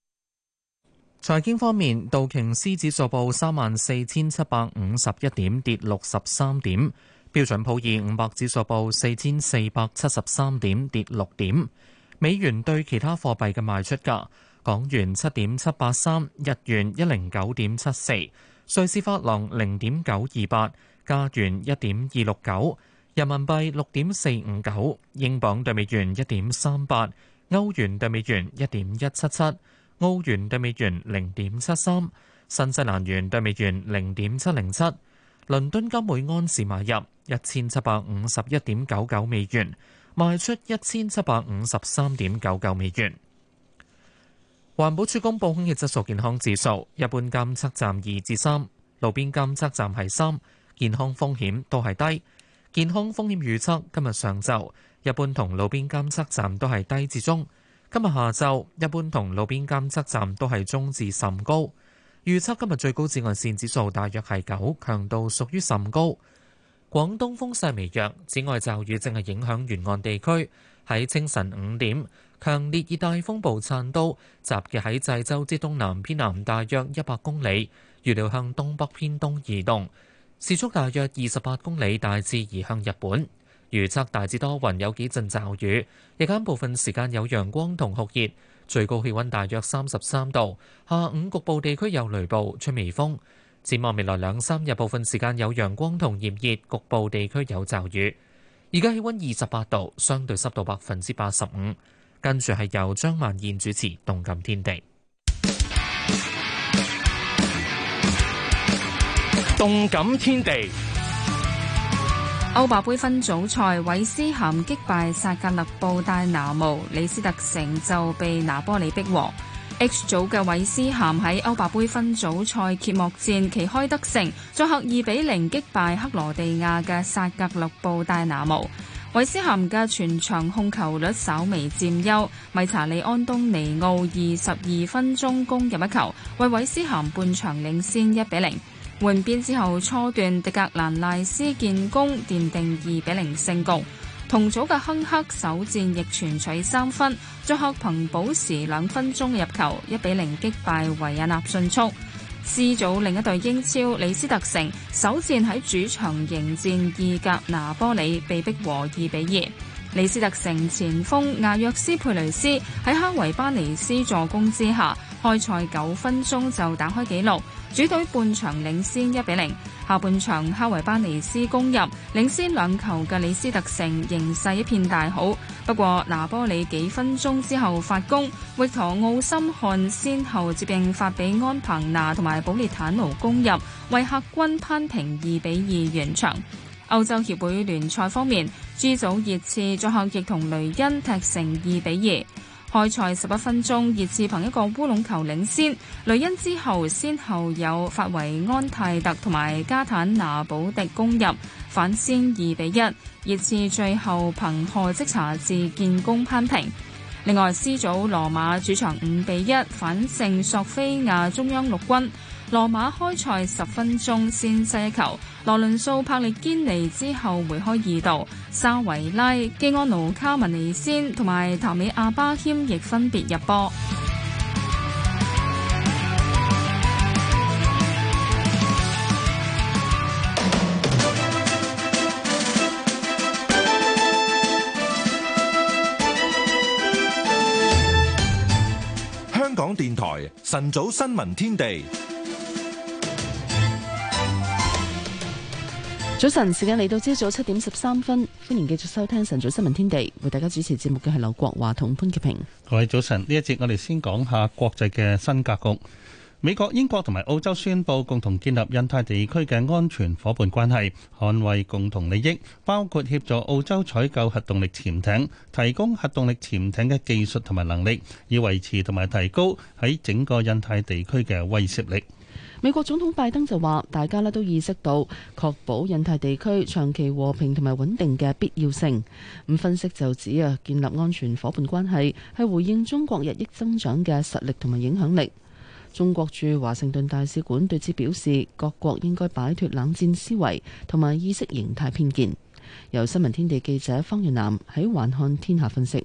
財經方面，道瓊斯指數報三萬四千七百五十一點，跌六十三點；標準普爾五百指數報四千四百七十三點，跌六點。美元兌其他貨幣嘅賣出價：港元七點七八三，日元一零九點七四，瑞士法郎零點九二八，加元一點二六九。人民幣六點四五九，英鎊對美元一點三八，歐元對美元一點一七七，澳元對美元零點七三，新西蘭元對美元零點七零七。倫敦金每安士買入一千七百五十一點九九美元，賣出一千七百五十三點九九美元。環保署公布空氣質素健康指數，一般監測站二至三，路邊監測站係三，健康風險都係低。健康風險預測：今日上晝，一般同路邊監測站都係低至中；今日下晝，一般同路邊監測站都係中至甚高。預測今日最高紫外線指數大約係九，強度屬於甚高。廣東風勢微弱，紫外驟雨正係影響沿岸地區。喺清晨五點，強烈熱帶風暴燦都集結喺濟州之東南偏南大約一百公里，預料向東北偏東移動。時速大約二十八公里，大致移向日本。預測大致多雲，有幾陣驟雨。日間部分時間有陽光同酷熱，最高氣溫大約三十三度。下午局部地區有雷暴，吹微風。展望未來兩三日，部分時間有陽光同炎熱，局部地區有驟雨。而家氣溫二十八度，相對濕度百分之八十五。跟住係由張萬燕主持《動感天地》。動感天地歐巴杯分組賽，韋斯咸擊敗薩格勒布戴拿姆，李斯特城就被拿波里逼和。H 組嘅韋斯咸喺歐巴杯分組賽揭幕戰旗開得勝，作客二比零擊敗克羅地亞嘅薩格勒布戴拿姆。韋斯咸嘅全場控球率稍微占優，米查利安東尼奧二十二分鐘攻入一球，為韋斯咸半場領先一比零。換邊之後初段，迪格蘭賴斯建功奠定二比零勝局。同組嘅亨克首戰亦全取三分，作客憑保時兩分鐘入球一比零擊敗維也納迅速。C 組另一隊英超李斯特城首戰喺主場迎戰意甲拿波里，被逼和二比二。李斯特城前鋒亞約斯佩雷斯喺克維巴尼斯助攻之下。開賽九分鐘就打開紀錄，主隊半場領先一比零。下半場哈維巴尼斯攻入，領先兩球嘅李斯特城形勢一片大好。不過拿波里幾分鐘之後發功，域陀奧森漢先後接應發俾安彭拿同埋保列坦奴攻入，為客軍攀平二比二完場。歐洲協會聯賽方面，G 組熱刺作客亦同雷恩踢成二比二。開賽十一分鐘，熱刺憑一個烏龍球領先。雷恩之後，先後有法維安泰特同埋加坦拿保迪攻入，反先二比一。熱刺最後憑何積查治建功扳平。另外，C 組羅馬主場五比一反勝索菲亞中央陸軍。羅馬開賽十分鐘先射球，羅倫素、柏列堅尼之後回開二度，沙維拉、基安奴、卡文尼先同埋塔美亞巴謙亦分別入波。香港電台晨早新聞天地。早晨，時間嚟到朝早七點十三分，歡迎繼續收聽晨早新聞天地，為大家主持節目嘅係劉國華同潘潔平。各位早晨，呢一節我哋先講下國際嘅新格局。美國、英國同埋澳洲宣布共同建立印太地區嘅安全夥伴關係，捍衛共同利益，包括協助澳洲採購核動力潛艇，提供核動力潛艇嘅技術同埋能力，以維持同埋提高喺整個印太地區嘅威懾力。美國總統拜登就話，大家咧都意識到確保印太地區長期和平同埋穩定嘅必要性。咁分析就指啊，建立安全伙伴關係係回應中國日益增長嘅實力同埋影響力。中國駐華盛頓大使館對此表示，各國應該擺脫冷戰思維同埋意識形態偏見。由新聞天地記者方悅南喺環看天下分析。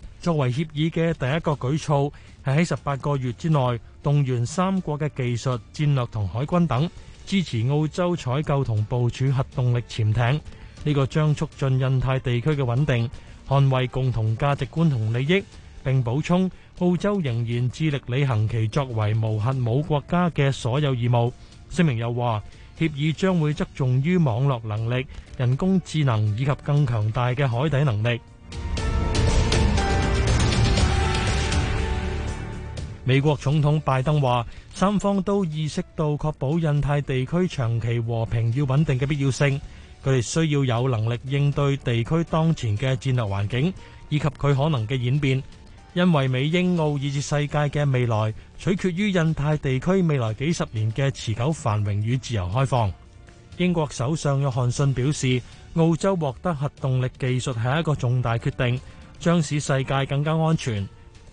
作為協議嘅第一個舉措，係喺十八個月之內動員三國嘅技術、戰略同海軍等，支持澳洲採購同部署核動力潛艇。呢、這個將促進印太地區嘅穩定，捍衛共同價值觀同利益。並補充澳洲仍然致力履行其作為無核武國家嘅所有義務。聲明又話協議將會側重於網絡能力、人工智能以及更強大嘅海底能力。美國總統拜登話三方都意識到確保印太地區長期和平與穩定嘅必要性，佢哋需要有能力應對地區當前嘅戰略環境以及佢可能嘅演變，因為美英澳以至世界嘅未來取決於印太地區未來幾十年嘅持久繁榮與自由開放。英國首相約翰遜表示，澳洲獲得核動力技術係一個重大決定，將使世界更加安全。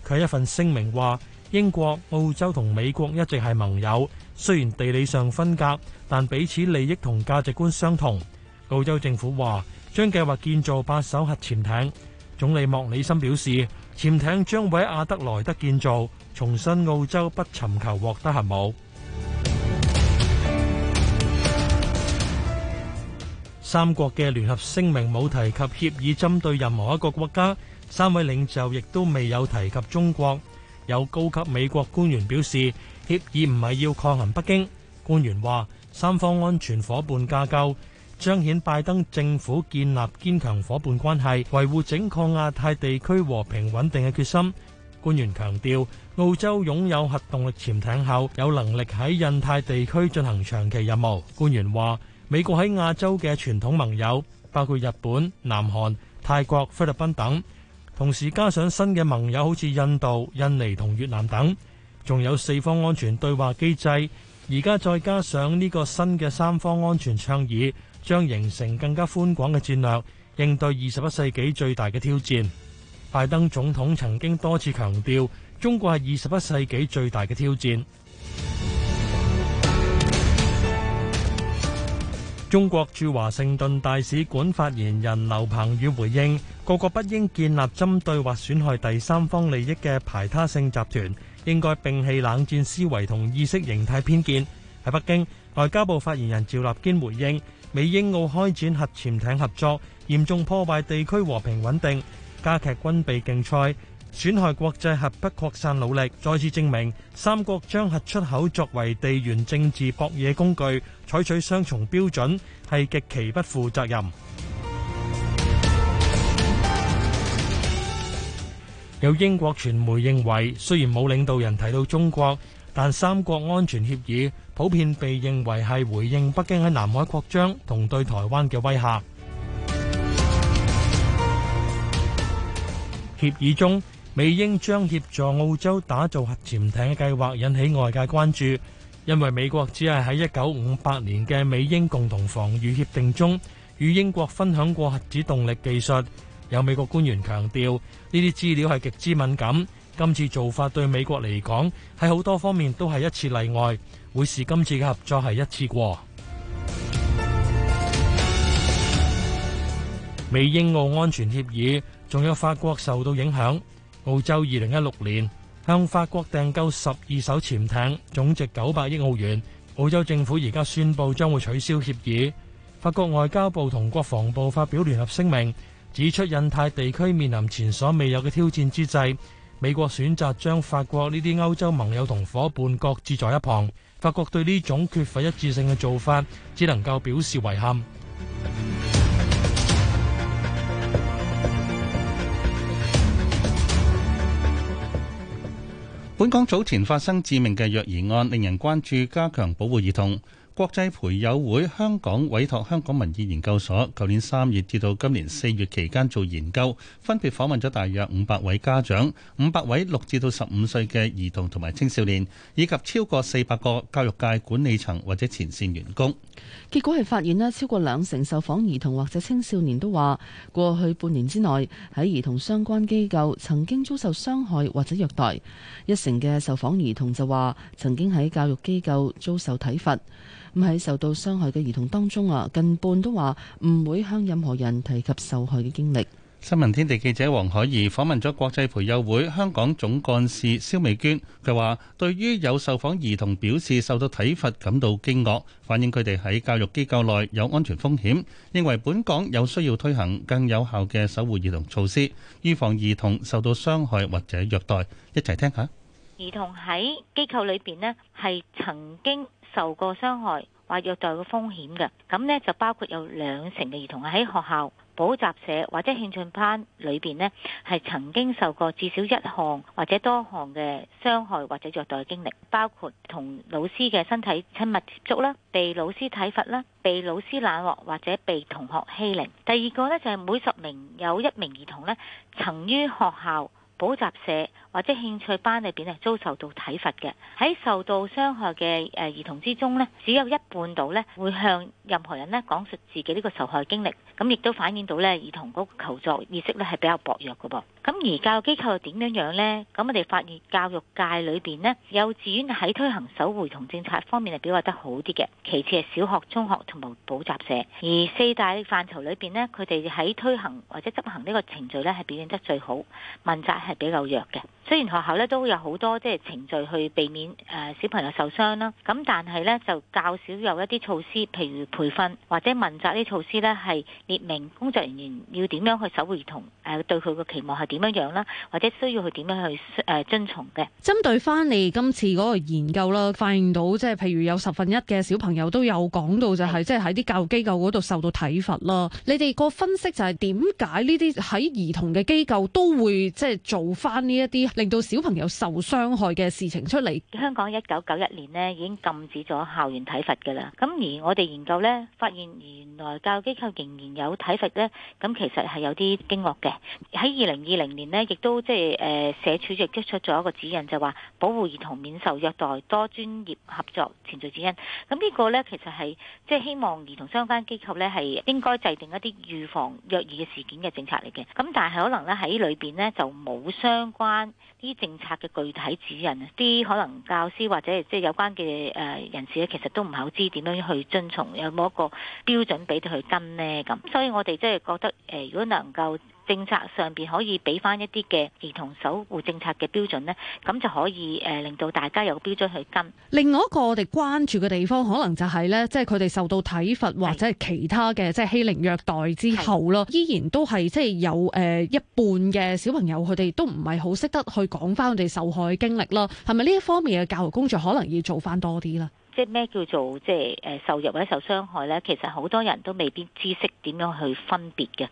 佢一份聲明話英國、澳洲同美國一直係盟友，雖然地理上分隔，但彼此利益同價值觀相同。澳洲政府話將計劃建造八艘核潛艇。總理莫里森表示，潛艇將會喺阿德萊德建造，重申澳洲不尋求獲得核武。 三國嘅聯合聲明冇提及協議針對任何一個國家，三位領袖亦都未有提及中國。有高級美國官員表示，協議唔係要抗衡北京。官員話：三方安全伙伴架構彰顯拜登政府建立堅強伙伴關係、維護整個亞太地區和平穩定嘅決心。官員強調，澳洲擁有核動力潛艇後，有能力喺印太地區進行長期任務。官員話：美國喺亞洲嘅傳統盟友包括日本、南韓、泰國、菲律賓等。同時加上新嘅盟友，好似印度、印尼同越南等，仲有四方安全對話機制，而家再加上呢個新嘅三方安全倡議，將形成更加寬廣嘅戰略，應對二十一世紀最大嘅挑戰。拜登總統曾經多次強調，中國係二十一世紀最大嘅挑戰。中國駐華盛頓大使館發言人劉鵬宇回應：各國不應建立針對或損害第三方利益嘅排他性集團，應該摒棄冷戰思維同意識形態偏見。喺北京，外交部發言人趙立堅回應：美英澳開展核潛艇合作，嚴重破壞地區和平穩定，加劇軍備競賽。損害國際核不擴散努力，再次證明三國將核出口作為地緣政治博弈工具，採取雙重標準係極其不負責任。有英國傳媒認為，雖然冇領導人提到中國，但三國安全協議普遍被認為係回應北京喺南海擴張同對台灣嘅威嚇。協議中。美英將協助澳洲打造核潛艇嘅計劃，引起外界關注。因為美國只係喺一九五八年嘅美英共同防禦協定中，與英國分享過核子動力技術。有美國官員強調，呢啲資料係極之敏感。今次做法對美國嚟講，喺好多方面都係一次例外，會是今次嘅合作係一次過。 美英澳安全協議仲有法國受到影響。澳洲二零一六年向法國訂購十二艘潛艇，總值九百億澳元。澳洲政府而家宣布將會取消協議。法國外交部同國防部發表聯合聲明，指出印太地區面臨前所未有嘅挑戰之際，美國選擇將法國呢啲歐洲盟友同伙伴擱置在一旁。法國對呢種缺乏一致性嘅做法，只能夠表示遺憾。本港早前發生致命嘅虐兒案，令人關注，加強保護兒童。國際培友會香港委託香港民意研究所，舊年三月至到今年四月期間做研究，分別訪問咗大約五百位家長、五百位六至到十五歲嘅兒童同埋青少年，以及超過四百個教育界管理層或者前線員工。結果係發現呢，超過兩成受訪兒童或者青少年都話，過去半年之內喺兒童相關機構曾經遭受傷害或者虐待。一成嘅受訪兒童就話，曾經喺教育機構遭受體罰。咁喺受到傷害嘅兒童當中啊，近半都話唔會向任何人提及受害嘅經歷。新聞天地記者黃海怡訪問咗國際培幼會香港總幹事蕭美娟，佢話對於有受訪兒童表示受到體罰感到驚愕，反映佢哋喺教育機構內有安全風險，認為本港有需要推行更有效嘅守護兒童措施，預防兒童受到傷害或者虐待。一齊聽下，兒童喺機構裏邊呢係曾經。受過傷害或虐待嘅風險嘅，咁呢，就包括有兩成嘅兒童喺學校補習社或者興趣班裏邊呢係曾經受過至少一項或者多項嘅傷害或者虐待嘅經歷，包括同老師嘅身體親密接觸啦，被老師體罰啦，被老師冷落或者被同學欺凌。第二個呢，就係每十名有一名兒童呢，曾於學校。補習社或者興趣班裏邊咧遭受到體罰嘅。喺受到傷害嘅誒兒童之中呢，只有一半度咧會向任何人咧講述自己呢個受害經歷，咁亦都反映到呢兒童嗰求助意識咧係比較薄弱嘅噃。咁而教育機構又點樣樣呢？咁我哋發現教育界裏邊呢，幼稚園喺推行守護童政策方面係表現得好啲嘅，其次係小學、中學同埋補習社，而四大範疇裏邊呢，佢哋喺推行或者執行呢個程序呢係表現得最好，問責。係比較弱嘅。雖然學校咧都有好多即係程序去避免誒小朋友受傷啦，咁但係咧就較少有一啲措施，譬如培訓或者問責啲措施咧係列明工作人員要點樣去守護兒童誒，對佢嘅期望係點樣樣啦，或者需要佢點樣去誒遵從嘅。針對翻你今次嗰個研究啦，發現到即係譬如有十分一嘅小朋友都有講到就係即係喺啲教育機構嗰度受到體罰啦。你哋個分析就係點解呢啲喺兒童嘅機構都會即係做翻呢一啲？令到小朋友受傷害嘅事情出嚟，香港一九九一年呢已經禁止咗校園體罰嘅啦。咁而我哋研究呢發現原來教育機構仍然有體罰呢，咁其實係有啲驚愕嘅。喺二零二零年呢，亦都即係誒，社署亦都出咗一個指引，就話保護兒童免受虐待，多專業合作，程序指引。咁呢個呢，其實係即係希望兒童相關機構呢，係應該制定一啲預防虐兒嘅事件嘅政策嚟嘅。咁但係可能咧喺裏邊呢，就冇相關。啲政策嘅具體指引，啲可能教師或者即係有關嘅誒人士咧，其實都唔係好知點樣去遵從，有冇一個標準俾到佢跟咧咁，所以我哋即係覺得誒、呃，如果能夠。政策上邊可以俾翻一啲嘅兒童守護政策嘅標準呢，咁就可以誒令到大家有標準去跟。另外一個我哋關注嘅地方，可能就係呢，即係佢哋受到體罰或者係其他嘅即係欺凌虐待之後咯，是依然都係即係有誒一半嘅小朋友，佢哋都唔係好識得去講翻佢哋受害經歷咯。係咪呢一方面嘅教育工作可能要做翻多啲啦？即係咩叫做即係誒、呃、受辱或者受傷害咧？其實好多人都未必知識點樣去分別嘅。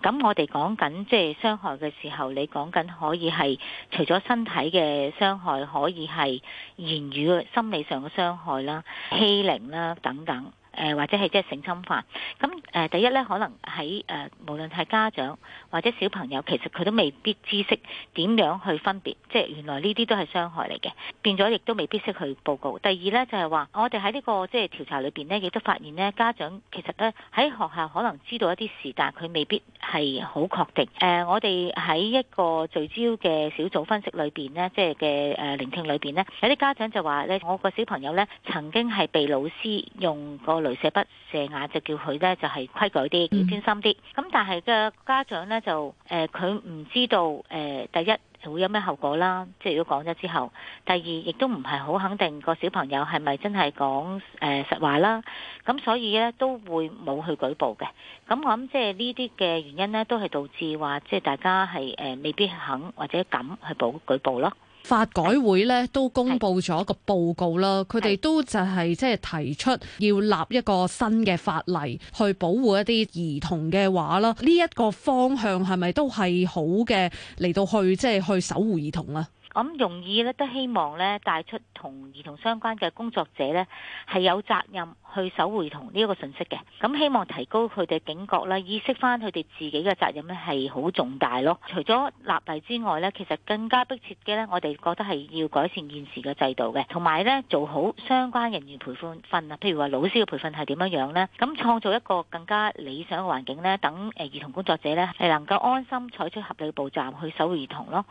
咁我哋講緊即係傷害嘅時候，你講緊可以係除咗身體嘅傷害，可以係言語、心理上嘅傷害啦、欺凌啦等等。誒或者係即係性侵犯，咁誒第一咧，可能喺誒無論係家長或者小朋友，其實佢都未必知識點樣去分別，即係原來呢啲都係傷害嚟嘅，變咗亦都未必識去報告。第二咧就係、是、話，我哋喺呢個即係調查裏邊呢，亦都發現呢，家長其實咧喺學校可能知道一啲事，但係佢未必係好確定。誒、呃，我哋喺一個聚焦嘅小組分析裏邊呢，即係嘅誒聆聽裏邊呢，有啲家長就話咧，我個小朋友呢，曾經係被老師用過。雷射不射眼，就叫佢咧就係、是、規矩啲，專心啲。咁但係嘅家長咧就誒，佢、呃、唔知道誒、呃，第一會有咩後果啦，即係如果講咗之後；第二亦都唔係好肯定個小朋友係咪真係講誒實話啦。咁所以咧都會冇去舉報嘅。咁我諗即係呢啲嘅原因咧，都係導致話即係大家係誒、呃、未必肯或者敢去報舉報咯。法改會咧都公布咗一個報告啦，佢哋都就係即係提出要立一個新嘅法例去保護一啲兒童嘅話啦，呢、這、一個方向係咪都係好嘅嚟到去即係、就是、去守護兒童啊？咁、嗯、容易咧，都希望咧帶出同兒童相關嘅工作者咧，係有責任去守護兒童呢一個信息嘅。咁、嗯、希望提高佢哋警覺啦，意識返佢哋自己嘅責任咧係好重大咯。除咗立例之外咧，其實更加迫切嘅咧，我哋覺得係要改善現時嘅制度嘅，同埋咧做好相關人員培訓訓啊，譬如話老師嘅培訓係點樣樣咧，咁、嗯、創造一個更加理想嘅環境咧，等誒兒童工作者咧係能夠安心採取合理嘅步驟去守護兒童咯。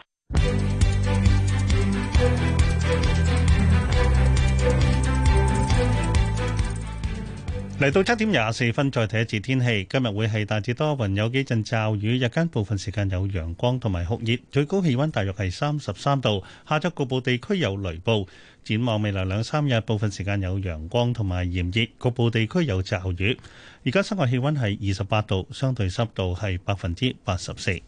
嚟到七點廿四分，再睇一次天氣。今日會係大致多雲，有幾陣驟雨。日間部分時間有陽光同埋酷熱，最高氣溫大約係三十三度。下晝局部地區有雷暴。展望未來兩三日，部分時間有陽光同埋炎熱，局部地區有驟雨。而家室外氣溫係二十八度，相對濕度係百分之八十四。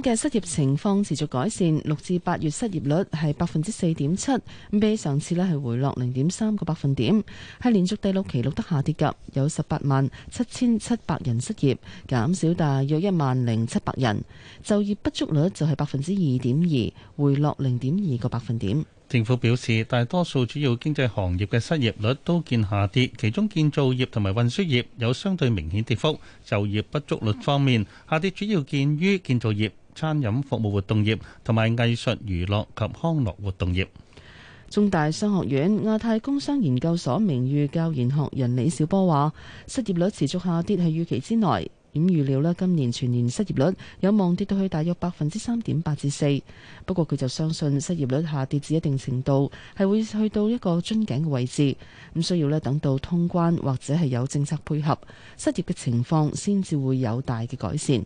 港嘅失業情況持續改善，六至八月失業率係百分之四點七，咁比上次咧係回落零點三個百分點，係連續第六期錄得下跌嘅，有十八萬七千七百人失業，減少大約一萬零七百人。就業不足率就係百分之二點二，回落零點二個百分點。政府表示，大多數主要經濟行業嘅失業率都見下跌，其中建造業同埋運輸業有相對明顯跌幅。就業不足率方面，下跌主要見於建造業。餐飲服務活動業同埋藝術娛樂及康樂活動業。中大商學院亞太工商研究所名譽教研學人李小波話：失業率持續下跌係預期之內，咁預料咧今年全年失業率有望跌到去大約百分之三點八至四。不過佢就相信失業率下跌至一定程度，係會去到一個樽頸嘅位置，咁需要咧等到通關或者係有政策配合，失業嘅情況先至會有大嘅改善。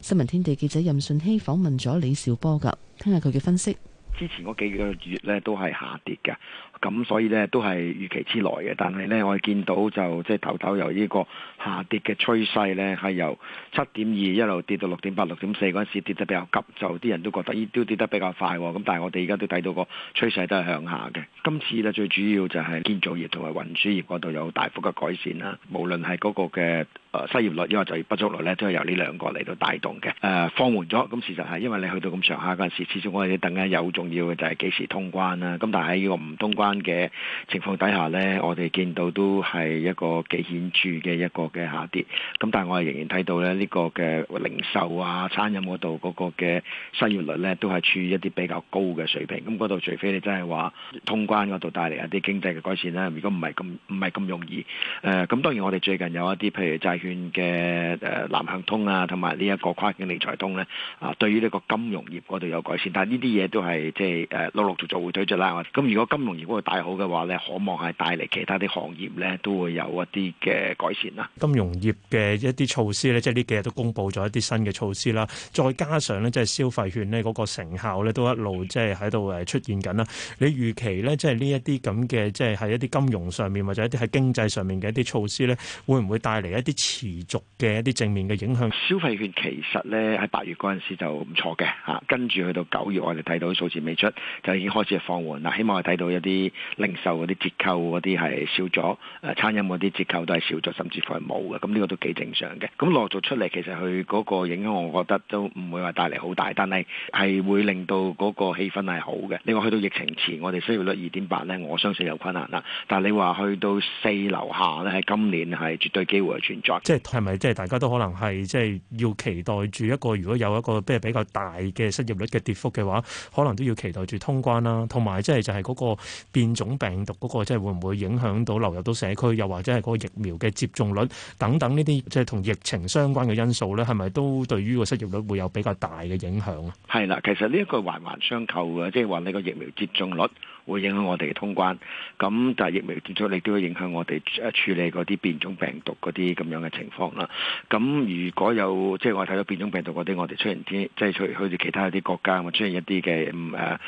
新聞天地記者任順熙訪問咗李兆波噶，聽下佢嘅分析。之前嗰幾個月咧都係下跌嘅，咁所以咧都係預期之內嘅。但係咧我哋見到就即係、就是、頭頭由呢個下跌嘅趨勢咧，係由七點二一路跌到六點八、六點四嗰陣時跌得比較急，就啲人都覺得呢啲跌得比較快。咁但係我哋而家都睇到個趨勢都係向下嘅。今次咧最主要就係建造業同埋運輸業嗰度有大幅嘅改善啦，無論係嗰個嘅。失業率，亦或就業不足率咧，都係由呢兩個嚟到帶動嘅。誒、呃、放緩咗，咁事實係因為你去到咁上下嗰陣時，時，始終我哋等緊有重要嘅就係幾時通關啦、啊。咁但係喺呢個唔通關嘅情況底下呢，我哋見到都係一個幾顯著嘅一個嘅下跌。咁但係我哋仍然睇到咧呢、呢個嘅零售啊、餐飲嗰度嗰個嘅失業率呢，都係處於一啲比較高嘅水平。咁嗰度除非你真係話通關嗰度帶嚟一啲經濟嘅改善啦。如果唔係咁唔係咁容易誒，咁、呃、當然我哋最近有一啲譬如債券。嘅誒南向通啊，同埋呢一個跨境理財通咧，啊對於呢個金融業嗰度有改善，但係呢啲嘢都係即係誒陸陸續續會推出啦。咁、啊、如果金融如果帶好嘅話咧，可望係帶嚟其他啲行業咧都會有一啲嘅改善啦、啊。金融業嘅一啲措施咧，即係呢幾日都公布咗一啲新嘅措施啦，再加上咧即係消費券咧嗰個成效咧都一路即係喺度誒出現緊啦。你預期咧即係呢一啲咁嘅即係喺一啲金融上面或者一啲喺經濟上面嘅一啲措施咧，會唔會帶嚟一啲？持續嘅一啲正面嘅影響，消費券其實呢喺八月嗰陣時就唔錯嘅嚇，跟住去到九月我哋睇到數字未出，就已經開始放緩啦。希望我哋睇到有啲零售嗰啲折扣嗰啲係少咗，誒餐飲嗰啲折扣都係少咗，甚至乎係冇嘅。咁，嗯，呢個都幾正常嘅。咁落續出嚟，其實佢嗰個影響，我覺得都唔會話帶嚟好大，但係係會令到嗰個氣氛係好嘅。你話去到疫情前，我哋需要率二點八呢，我相信有困難啦。但係你話去到四樓下呢，喺今年係絕對機會存在。即係係咪即係大家都可能係即係要期待住一個，如果有一個即係比較大嘅失業率嘅跌幅嘅話，可能都要期待住通關啦、啊。同埋即係就係嗰個變種病毒嗰個即係會唔會影響到流入到社區，又或者係嗰個疫苗嘅接種率等等呢啲即係同疫情相關嘅因素咧，係咪都對於個失業率會有比較大嘅影響啊？係啦，其實呢一個環環相扣嘅，即係話你個疫苗接種率。會影響我哋嘅通關，咁但係疫苗接種你都會影響我哋，誒，處理嗰啲變種病毒嗰啲咁樣嘅情況啦。咁如果有即係我睇到變種病毒嗰啲，我哋出現啲即係去去其他一啲國家，出現一啲嘅咁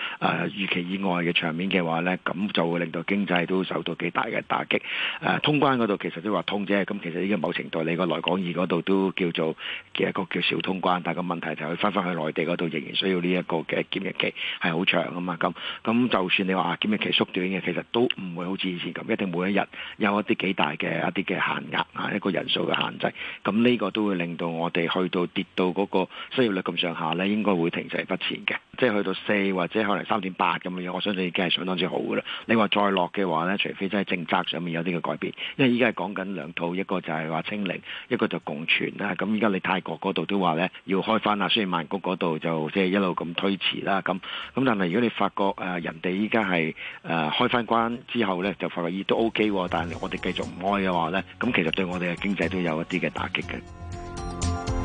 預期以外嘅場面嘅話呢，咁就會令到經濟都受到幾大嘅打擊。誒、呃、通關嗰度其實都話通啫，咁其實已經某程度你個來港易嗰度都叫做其實個叫小通關，但係個問題就係翻返去內地嗰度仍然需要呢一個嘅檢疫期係好長啊嘛。咁咁就算你話，啊！檢疫期縮短嘅，其實都唔會好似以前咁，一定每一日有一啲幾大嘅一啲嘅限額，啊，一個人數嘅限制。咁呢個都會令到我哋去到跌到嗰個失業率咁上下咧，應該會停滯不前嘅。即係去到四或者可能三點八咁嘅嘢，我相信已經係相當之好噶啦。你再話再落嘅話咧，除非真係政策上面有啲嘅改變，因為依家係講緊兩套，一個就係話清零，一個就共存啦。咁依家你泰國嗰度都話咧要開翻啦，雖然曼谷嗰度就即係一路咁推遲啦，咁咁但係如果你發覺誒、呃、人哋依家係，誒、呃，開翻關之後咧，就發覺咦，都 O K，但係我哋繼續唔開嘅話咧，咁其實對我哋嘅經濟都有一啲嘅打擊嘅。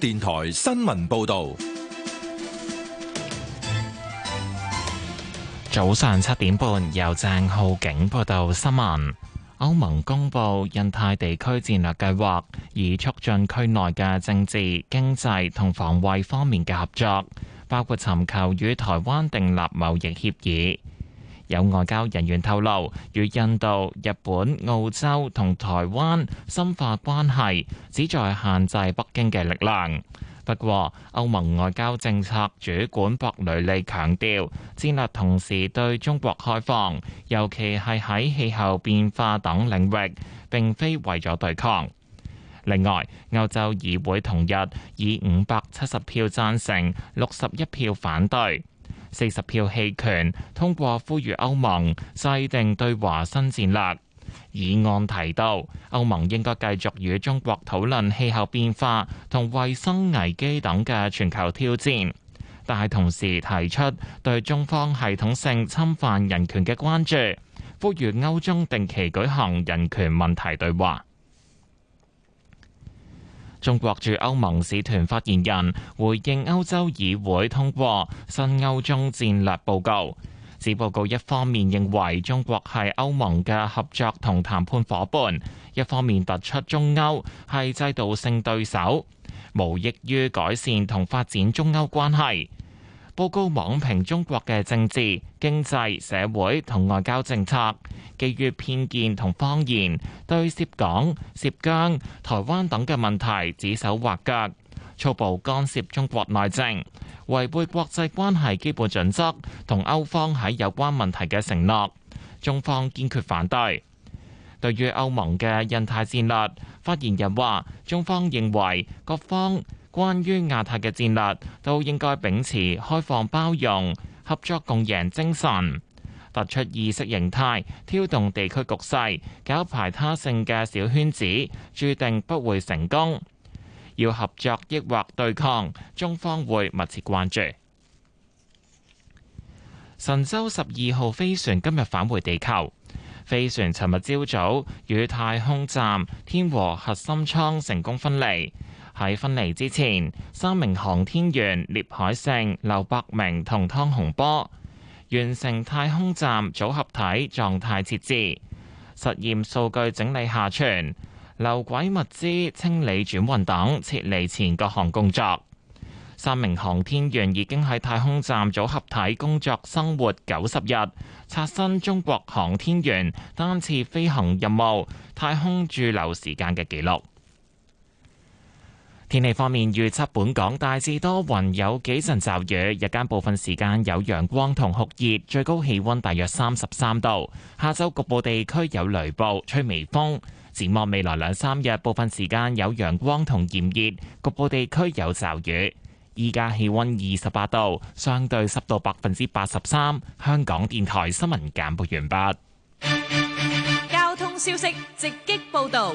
電台新聞報道：早上七點半，由鄭浩景報道新聞。歐盟公布印太地區戰略計劃，以促進區內嘅政治、經濟同防衛方面嘅合作，包括尋求與台灣訂立貿易協議。有外交人員透露，與印度、日本、澳洲同台灣深化關係，旨在限制北京嘅力量。不過，歐盟外交政策主管博雷利強調，戰略同時對中國開放，尤其係喺氣候變化等領域，並非為咗對抗。另外，歐洲議會同日以五百七十票贊成，六十一票反對，四十票棄權通過，呼籲歐盟制定對華新戰略。議案提到，歐盟應該繼續與中國討論氣候變化同衞生危機等嘅全球挑戰，但係同時提出對中方系統性侵犯人權嘅關注，呼籲歐中定期舉行人權問題對話。中國駐歐盟使團發言人回應歐洲議會通過新歐中戰略報告，指報告一方面認為中國係歐盟嘅合作同談判伙伴，一方面突出中歐係制度性對手，無益於改善同發展中歐關係。報告妄評中國嘅政治、經濟、社會同外交政策，基於偏見同謊言，對涉港、涉疆、台灣等嘅問題指手畫腳，粗暴干涉中國內政，違背國際關係基本準則同歐方喺有關問題嘅承諾。中方堅決反對。對於歐盟嘅印太戰略，發言人話：中方認為各方，關於亞太嘅戰略，都應該秉持開放包容、合作共贏精神。突出意識形態、挑動地區局勢、搞排他性嘅小圈子，注定不會成功。要合作抑或對抗，中方會密切關注。神舟十二號飛船今日返回地球，飛船尋日朝早與太空站天和核心艙成功分離。喺分離之前，三名航天員聶海勝、劉伯明同湯洪波完成太空站組合體狀態設置、實驗數據整理下傳、留軌物資清理轉運等撤離前各項工作。三名航天員已經喺太空站組合體工作生活九十日，刷新中國航天員單次飛行任務太空駐留時間嘅紀錄。天氣方面，預測本港大致多雲，有幾陣驟雨，日間部分時間有陽光同酷熱，最高氣溫大約三十三度。下周局部地區有雷暴，吹微風。展望未來兩三日，部分時間有陽光同炎熱，局部地區有驟雨。依家氣溫二十八度，相對濕度百分之八十三。香港電台新聞簡報完畢。交通消息直擊報道。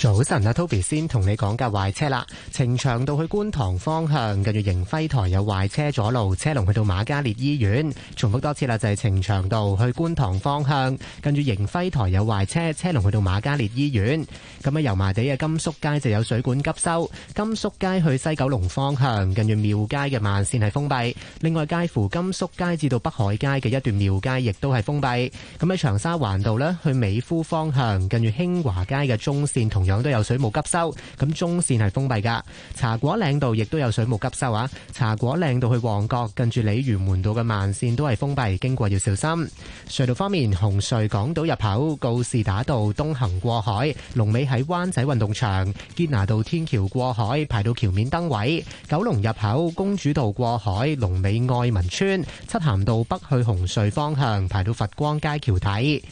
早晨，阿 Toby 先同你講架壞車啦。呈祥道去觀塘方向，近住盈輝台有壞車阻路，車龍去到瑪嘉烈醫院。重複多次啦，就係呈祥道去觀塘方向，近住盈輝台有壞車，車龍去到瑪嘉烈醫院。咁喺油麻地嘅甘肅街就有水管急修，甘肅街去西九龍方向，近住廟街嘅慢綫係封閉。另外，介乎甘肅街至到北海街嘅一段廟街亦都係封閉。咁喺長沙灣道咧，去美孚方向，近住興華街嘅中綫同。樣都有水務急修，咁中線係封閉噶。茶果嶺道亦都有水務急修啊！茶果嶺道去旺角，近住鯉魚門道嘅慢線都係封閉，經過要小心。隧道方面，紅隧港島入口告士打道東行過海，龍尾喺灣仔運動場；堅拿道天橋過海，排到橋面燈位；九龍入口公主道過海，龍尾愛民村；漆咸道北去紅隧方向，排到佛光街橋底。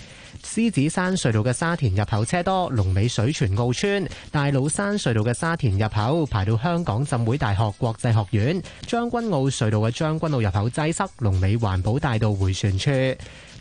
獅子山隧道嘅沙田入口車多，龍尾水泉澳村；大老山隧道嘅沙田入口排到香港浸會大學國際學院，將軍澳隧道嘅將軍澳入口擠塞，龍尾環保大道回旋處。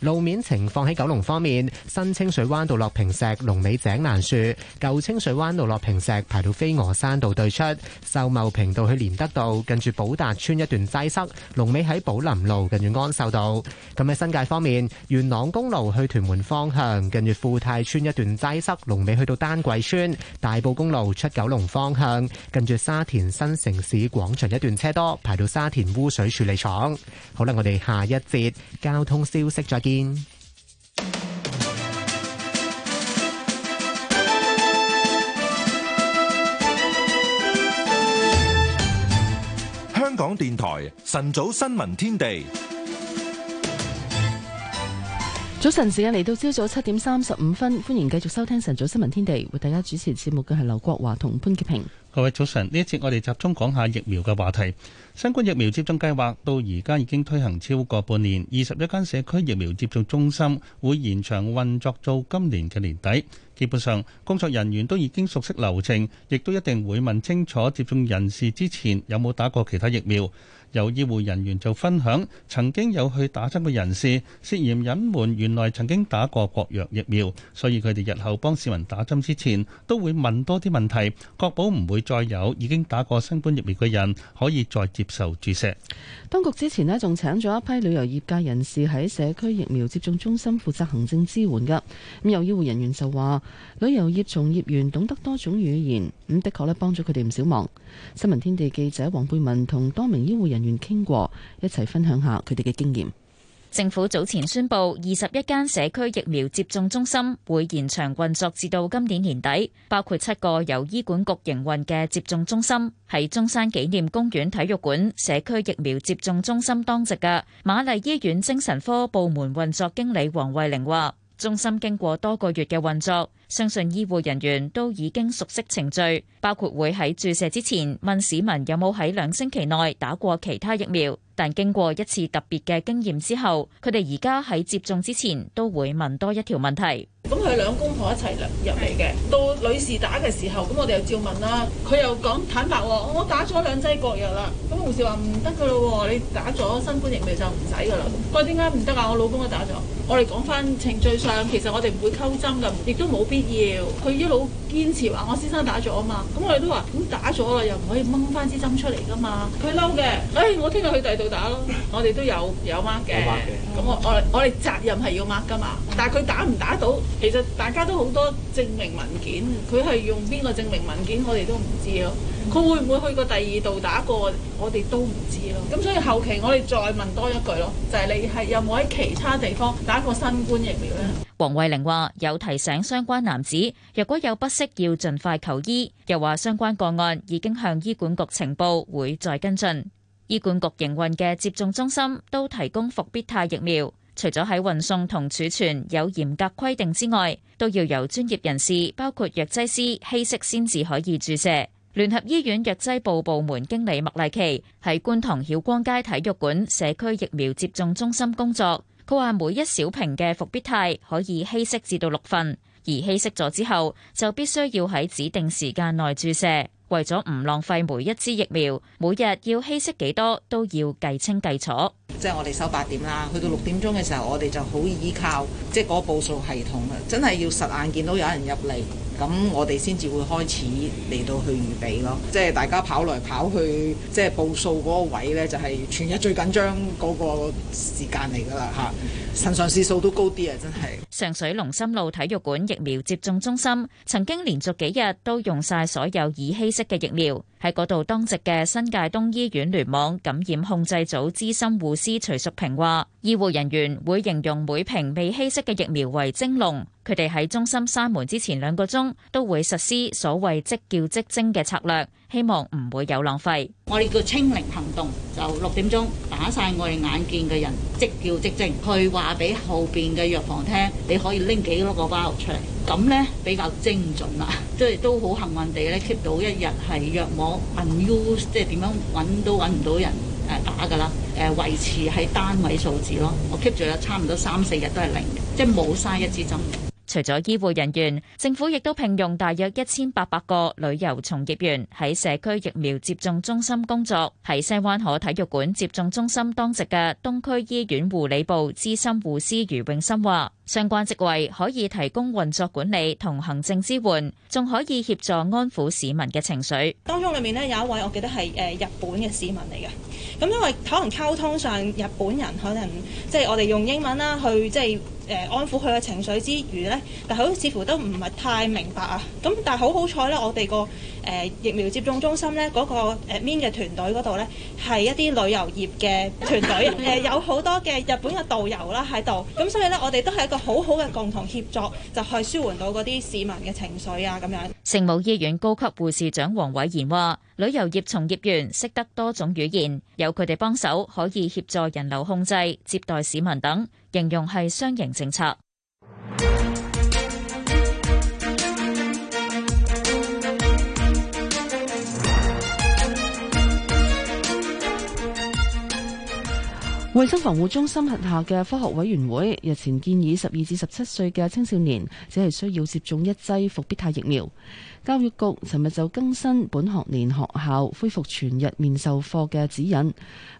路面情況喺九龍方面，新清水灣道落坪石，龍尾井欄樹；舊清水灣道落坪石，排到飛鵝山道對出；秀茂坪道去連德道，近住寶達村一段擠塞，龍尾喺寶林路近住安秀道。咁喺新界方面，元朗公路去屯門方。向近住富泰村一段擠塞，龍尾去到丹桂村，大埔公路出九龍方向，近住沙田新城市廣場一段車多，排到沙田污水處理廠。好啦，我哋下一節交通消息再見。香港電台晨早新聞天地。早晨，時間嚟到朝早七點三十五分，歡迎繼續收聽晨早新聞天地。為大家主持節目嘅係劉國華同潘潔平。各位早晨，呢一節我哋集中講下疫苗嘅話題。新冠疫苗接種計劃到而家已經推行超過半年，二十一間社區疫苗接種中心會延長運作到今年嘅年底。基本上，工作人員都已經熟悉流程，亦都一定會問清楚接種人士之前有冇打過其他疫苗。有醫護人員就分享，曾經有去打針嘅人士涉嫌隱瞞，原來曾經打過國藥疫苗，所以佢哋日後幫市民打針之前都會問多啲問題，確保唔會再有已經打過新冠疫苗嘅人可以再接受注射。當局之前呢，仲請咗一批旅遊業界人士喺社區疫苗接種中心負責行政支援噶。咁有醫護人員就話，旅遊業從業員懂得多種語言，咁的確呢幫咗佢哋唔少忙。新聞天地記者黃佩文同多名醫護人員傾過，一齊分享下佢哋嘅經驗。政府早前宣布，二十一間社區疫苗接種中心會延長運作至到今年年底，包括七個由醫管局營運嘅接種中心。喺中山紀念公園體育館社區疫苗接種中心當值嘅瑪麗醫院精神科部門運作經理黃慧玲話，中心經過多個月嘅運作，相信醫護人員都已經熟悉程序，包括會喺注射之前問市民有冇喺兩星期內打過其他疫苗。但經過一次特別嘅經驗之後，佢哋而家喺接種之前都會問多一條問題。咁佢兩公婆一齊入嚟嘅，到女士打嘅時候，咁我哋又照問啦，佢又講坦白喎，我打咗兩劑國藥啦。咁同事話唔得噶咯喎，你打咗新冠疫苗就唔使噶啦。佢點解唔得啊？我老公都打咗。我哋講翻程序上，其實我哋唔會溝針噶，亦都冇必要。佢一路堅持話我先生打咗啊嘛，咁我哋都話咁打咗啦，又唔可以掹翻支針出嚟噶嘛。佢嬲嘅，誒、哎、我聽日去第二度打咯。我哋都有有 mark 嘅，咁我我我哋責任係要 mark 噶嘛。但係佢打唔打到？其實大家都好多證明文件，佢係用邊個證明文件我，我哋都唔知咯。佢會唔會去過第二度打過，我哋都唔知咯。咁所以後期我哋再問多一句咯，就係、是、你係有冇喺其他地方打過新冠疫苗呢？黃慧玲話：有提醒相關男子，若果有不適，要盡快求醫。又話相關個案已經向醫管局呈報，會再跟進。醫管局營運嘅接種中心都提供復必泰疫苗。除咗喺運送同儲存有嚴格規定之外，都要由專業人士，包括藥劑師稀釋先至可以注射。聯合醫院藥劑部部門經理麥麗琪喺觀塘曉光街體育館社區疫苗接種中心工作。佢話每一小瓶嘅復必泰可以稀釋至到六份，而稀釋咗之後，就必須要喺指定時間內注射。為咗唔浪費每一支疫苗，每日要稀釋幾多都要計清計楚。即係我哋收八點啦，去到六點鐘嘅時候，我哋就好依靠即係個報數系統啊，真係要實眼見到有人入嚟，咁我哋先至會開始嚟到去預備咯。即係大家跑來跑去，即係報數嗰個位咧，就係全日最緊張嗰個時間嚟噶啦吓。腎上腺素都高啲啊，真係。上水龍琛路體育館疫苗接種中心曾經連續幾日都用晒所有已稀釋嘅疫苗，喺嗰度當值嘅新界東醫院聯網感染控制組資深護司徐淑平話，醫護人員會形容每瓶未稀釋嘅疫苗為蒸籠，佢哋喺中心閂門之前兩個鐘都會實施所謂即叫即蒸嘅策略。希望唔會有浪費。我哋叫清零行動，就六點鐘打晒我哋眼見嘅人，即叫即正。佢話俾後邊嘅藥房聽，你可以拎幾多個包出嚟，咁呢，比較精準啦。即係都好幸運地咧，keep 到一日係藥網 unused，即係點樣揾都揾唔到人誒打噶啦。誒維持喺單位數字咯，我 keep 住有差唔多三四日都係零，即係冇嘥一支針。除咗醫護人員，政府亦都聘用大約一千八百個旅遊從業員喺社區疫苗接種中心工作。喺西灣河體育館接種中心當值嘅東區醫院護理部資深護師余永森話，相關職位可以提供運作管理同行政支援，仲可以協助安撫市民嘅情緒。當中裏面咧有一位，我記得係誒日本嘅市民嚟嘅。咁因為可能溝通上，日本人可能即係、就是、我哋用英文啦，去即係。呃、安撫佢嘅情緒之餘呢，但係好似似乎都唔係太明白啊。咁但係好好彩呢，我哋個。誒疫苗接種中心咧，嗰個誒 min 嘅團隊嗰度咧，係一啲旅遊業嘅團隊，誒有好多嘅日本嘅導遊啦喺度，咁所以咧我哋都係一個好好嘅共同協作，就去舒緩到嗰啲市民嘅情緒啊咁樣。聖母醫院高級護士長黃偉賢話旅遊業從業員識得多種語言，有佢哋幫手可以協助人流控制、接待市民等，形容係雙贏政策。衛生防護中心轄下嘅科學委員會日前建議，十二至十七歲嘅青少年只係需要接種一劑復必泰疫苗。教育局尋日就更新本學年學校恢復全日面授課嘅指引，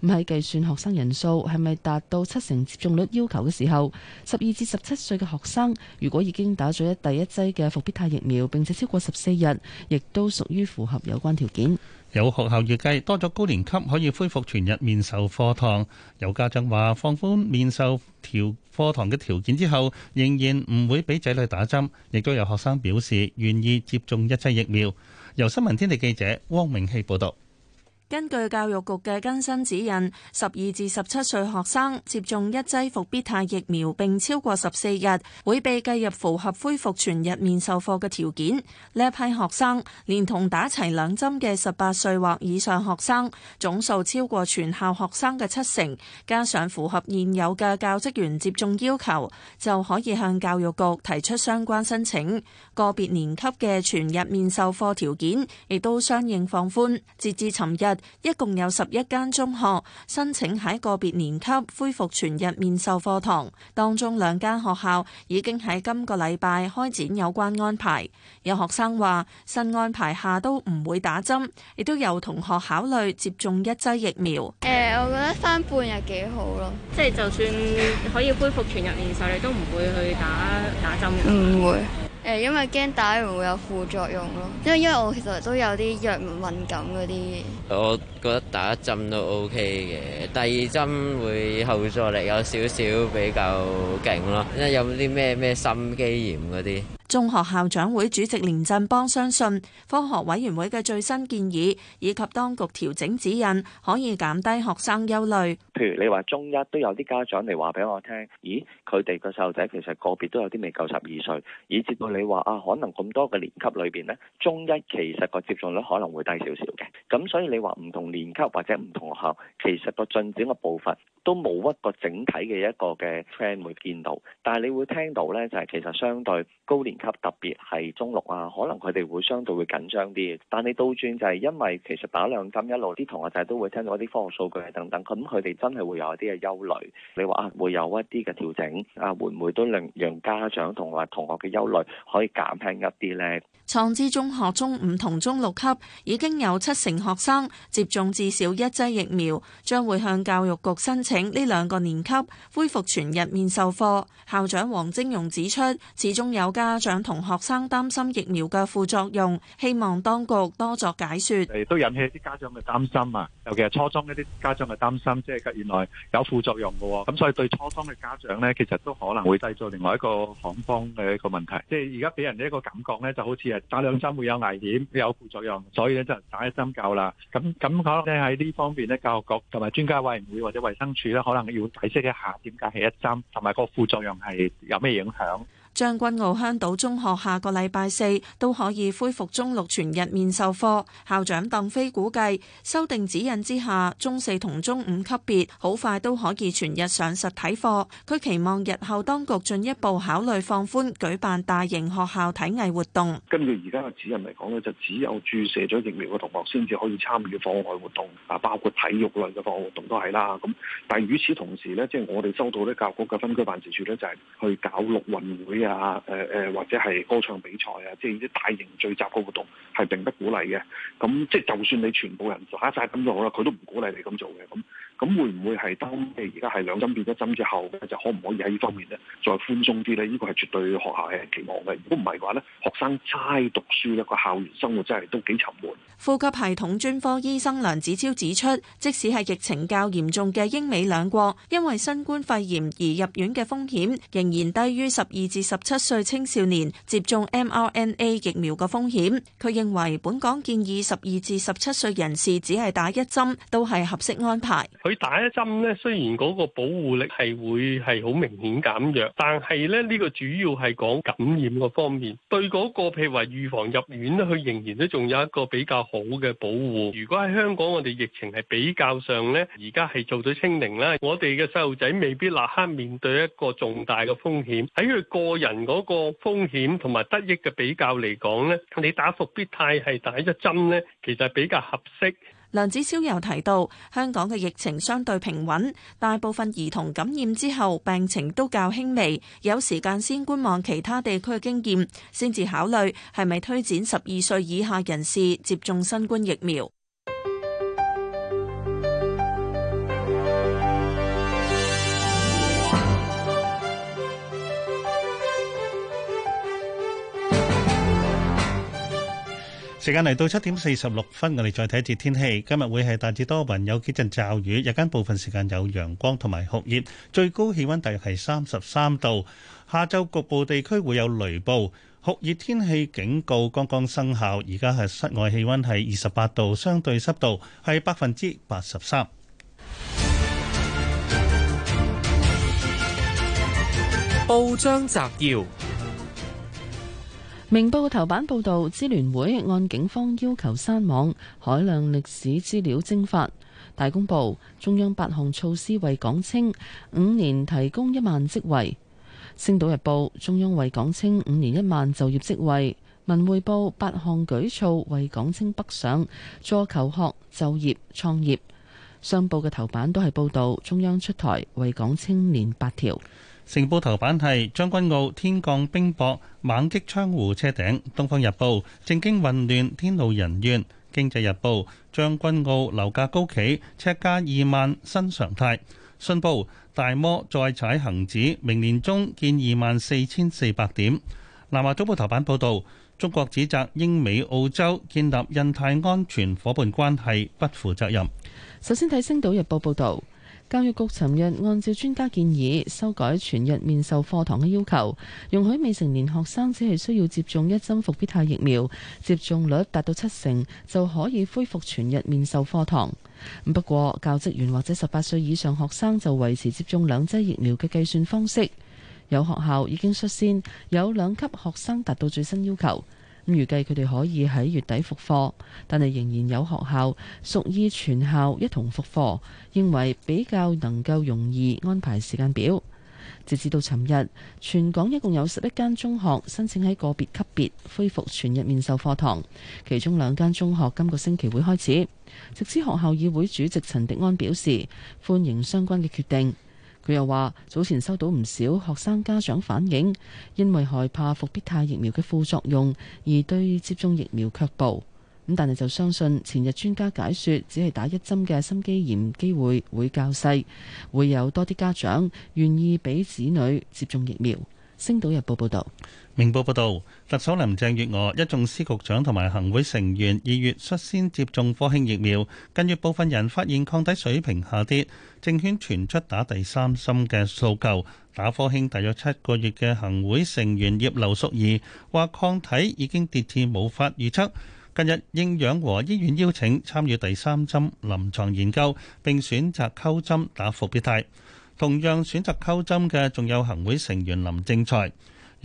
唔係計算學生人數係咪達到七成接種率要求嘅時候，十二至十七歲嘅學生如果已經打咗一第一劑嘅復必泰疫苗，並且超過十四日，亦都屬於符合有關條件。有學校預計多咗高年級可以恢復全日面授課堂。有家長話放寬面授條課堂嘅條件之後，仍然唔會俾仔女打針。亦都有學生表示願意接種一劑疫苗。由新聞天地記者汪明熙報道。根據教育局嘅更新指引，十二至十七歲學生接種一劑復必泰疫苗並超過十四日，會被計入符合恢復全日面授課嘅條件。呢一批學生連同打齊兩針嘅十八歲或以上學生，總數超過全校學生嘅七成，加上符合現有嘅教職員接種要求，就可以向教育局提出相關申請。個別年級嘅全日面授課條件亦都相應放寬。截至尋日。一共有十一間中學申請喺個別年級恢復全日面授課堂，當中兩間學校已經喺今個禮拜開展有關安排。有學生話：新安排下都唔會打針，亦都有同學考慮接種一劑疫苗。誒、呃，我覺得翻半日幾好咯，即係就算可以恢復全日面授，你都唔會去打打針。唔會。誒，因為驚打完會有副作用咯，因為因為我其實都有啲藥物敏感嗰啲。我覺得打一針都 OK 嘅，第二針會後座力有少少比較勁咯，因為有啲咩咩心肌炎嗰啲。中學校長會主席連鎮邦相信科學委員會嘅最新建議以及當局調整指引，可以減低學生憂慮，譬如你話中一都有啲家長嚟，話俾我聽，咦，佢哋個細路仔其實個別都有啲未夠十二歲，以至到你話啊，可能咁多個年級裏邊咧，中一其實個接種率可能會低少少嘅。咁所以你話唔同年級或者唔同學校，其實個進展嘅步伐都冇一個整體嘅一個嘅 trend 會見到。但係你會聽到咧，就係其實相對高年。級特別係中六啊，可能佢哋會相對會緊張啲。但你倒轉就係因為其實打兩針一路，啲同學仔都會聽到一啲科學數據等等。咁佢哋真係會有一啲嘅憂慮。你話啊，會有一啲嘅調整啊，會唔會都令讓家長同埋同學嘅憂慮可以減輕一啲咧？創知中學中五同中六級已經有七成學生接種至少一劑疫苗，將會向教育局申請呢兩個年級恢復全日面授課。校長黃晶榕指出，始終有家長同學生擔心疫苗嘅副作用，希望當局多作解説。亦都引起一啲家長嘅擔心啊，尤其係初中一啲家長嘅擔心，即係原來有副作用㗎喎，咁所以對初中嘅家長呢，其實都可能會製造另外一個恐慌嘅一個問題。即係而家俾人呢一個感覺呢，就好似～打兩針會有危險，有副作用，所以咧就打一針夠啦。咁咁可能咧喺呢方面咧，教育局同埋專家委員會或者衛生署咧，可能要解釋一下點解係一針，同埋個副作用係有咩影響？將軍澳香島中學下個禮拜四都可以恢復中六全日面授課。校長鄧飛估計，修訂指引之下，中四同中五級別好快都可以全日上實體課。佢期望日後當局進一步考慮放寬舉辦大型學校體藝活動。根據而家嘅指引嚟講呢，就只有注射咗疫苗嘅同學先至可以參與課外活動，啊，包括體育類嘅課外活動都係啦。咁但係與此同時呢，即係我哋收到呢，教育局嘅分區辦事處呢，就係去搞陸運會。啊！誒、呃、誒，或者係歌唱比賽啊，即係啲大型聚集個活動，係並不鼓勵嘅。咁即係就算你全部人打曬咁都好啦，佢都唔鼓勵你咁做嘅。咁。咁會唔會係當，譬如而家係兩針變一針之後，就可唔可以喺呢方面呢再寬鬆啲呢？呢個係絕對學校嘅期望嘅。如果唔係嘅話呢，學生齋讀書，一個校園生活真係都幾沉悶。呼吸系統專科醫生梁子超指出，即使係疫情較嚴重嘅英美兩國，因為新冠肺炎而入院嘅風險仍然低於十二至十七歲青少年接種 mRNA 疫苗嘅風險。佢認為本港建議十二至十七歲人士只係打一針都係合適安排。佢打一針咧，雖然嗰個保護力係會係好明顯減弱，但係咧呢、呢個主要係講感染個方面，對嗰、嗰個譬如話預防入院咧，佢仍然都仲有一個比較好嘅保護。如果喺香港我哋疫情係比較上咧，而家係做到清零咧，我哋嘅細路仔未必立刻面對一個重大嘅風險。喺佢個人嗰個風險同埋得益嘅比較嚟講咧，你打復必泰係打一針咧，其實係比較合適。梁子超又提到，香港嘅疫情相對平穩，大部分兒童感染之後病情都較輕微，有時間先觀望其他地區嘅經驗，先至考慮係咪推展十二歲以下人士接種新冠疫苗。時間嚟到七點四十六分，我哋再睇一節天氣。今日會係大致多雲，有幾陣驟雨。日間部分時間有陽光同埋酷熱，最高氣温大約係三十三度。下晝局部地區會有雷暴，酷熱天氣警告剛剛生效。而家係室外氣温係二十八度，相對濕度係百分之八十三。報章摘要。明報嘅頭版報道，支聯會按警方要求刪網，海量歷史資料蒸發。大公報，中央八項措施為港青五年提供一萬職位。星島日報，中央為港青五年一萬就業職位。文匯報，八項舉措為港青北上助求學、就業、創業。商報嘅頭版都係報道中央出台為港青年八條。成報頭版係將軍澳天降冰雹猛擊窗戶車頂。東方日報政經混亂天怒人怨。經濟日報將軍澳樓價高企尺價二萬新常態。信報大摩再踩恒指明年中見二萬四千四百點。南華早報頭版報導，中國指責英美澳洲建立印太安全伙伴關係不負責任。首先睇《星島日報》報導。教育局尋日按照專家建議，修改全日面授課堂嘅要求，容許未成年學生只係需要接種一針復必泰疫苗，接種率達到七成就可以恢復全日面授課堂。不過，教職員或者十八歲以上學生就維持接種兩劑疫苗嘅計算方式。有學校已經率先有兩級學生達到最新要求。預計佢哋可以喺月底復課，但係仍然有學校屬意全校一同復課，認為比較能夠容易安排時間表。直至到尋日，全港一共有十一間中學申請喺個別級別恢復全日面授課堂，其中兩間中學今個星期會開始。直資學校議會主席陳迪安表示歡迎相關嘅決定。佢又話：早前收到唔少學生家長反映，因為害怕復必泰疫苗嘅副作用，而對接種疫苗卻步。咁但係就相信前日專家解説，只係打一針嘅心肌炎機會會較細，會有多啲家長願意俾子女接種疫苗。星島日報報道。明報報導。特首林鄭月娥一眾司局長同埋行會成員二月率先接種科興疫苗，近日部分人發現抗體水平下跌，政圈傳出打第三針嘅訴求。打科興大約七個月嘅行會成員葉劉淑儀話抗體已經跌至無法預測。近日應養和醫院邀請參與第三針臨床研究，並選擇溝針打復必泰。同樣選擇溝針嘅仲有行會成員林正財。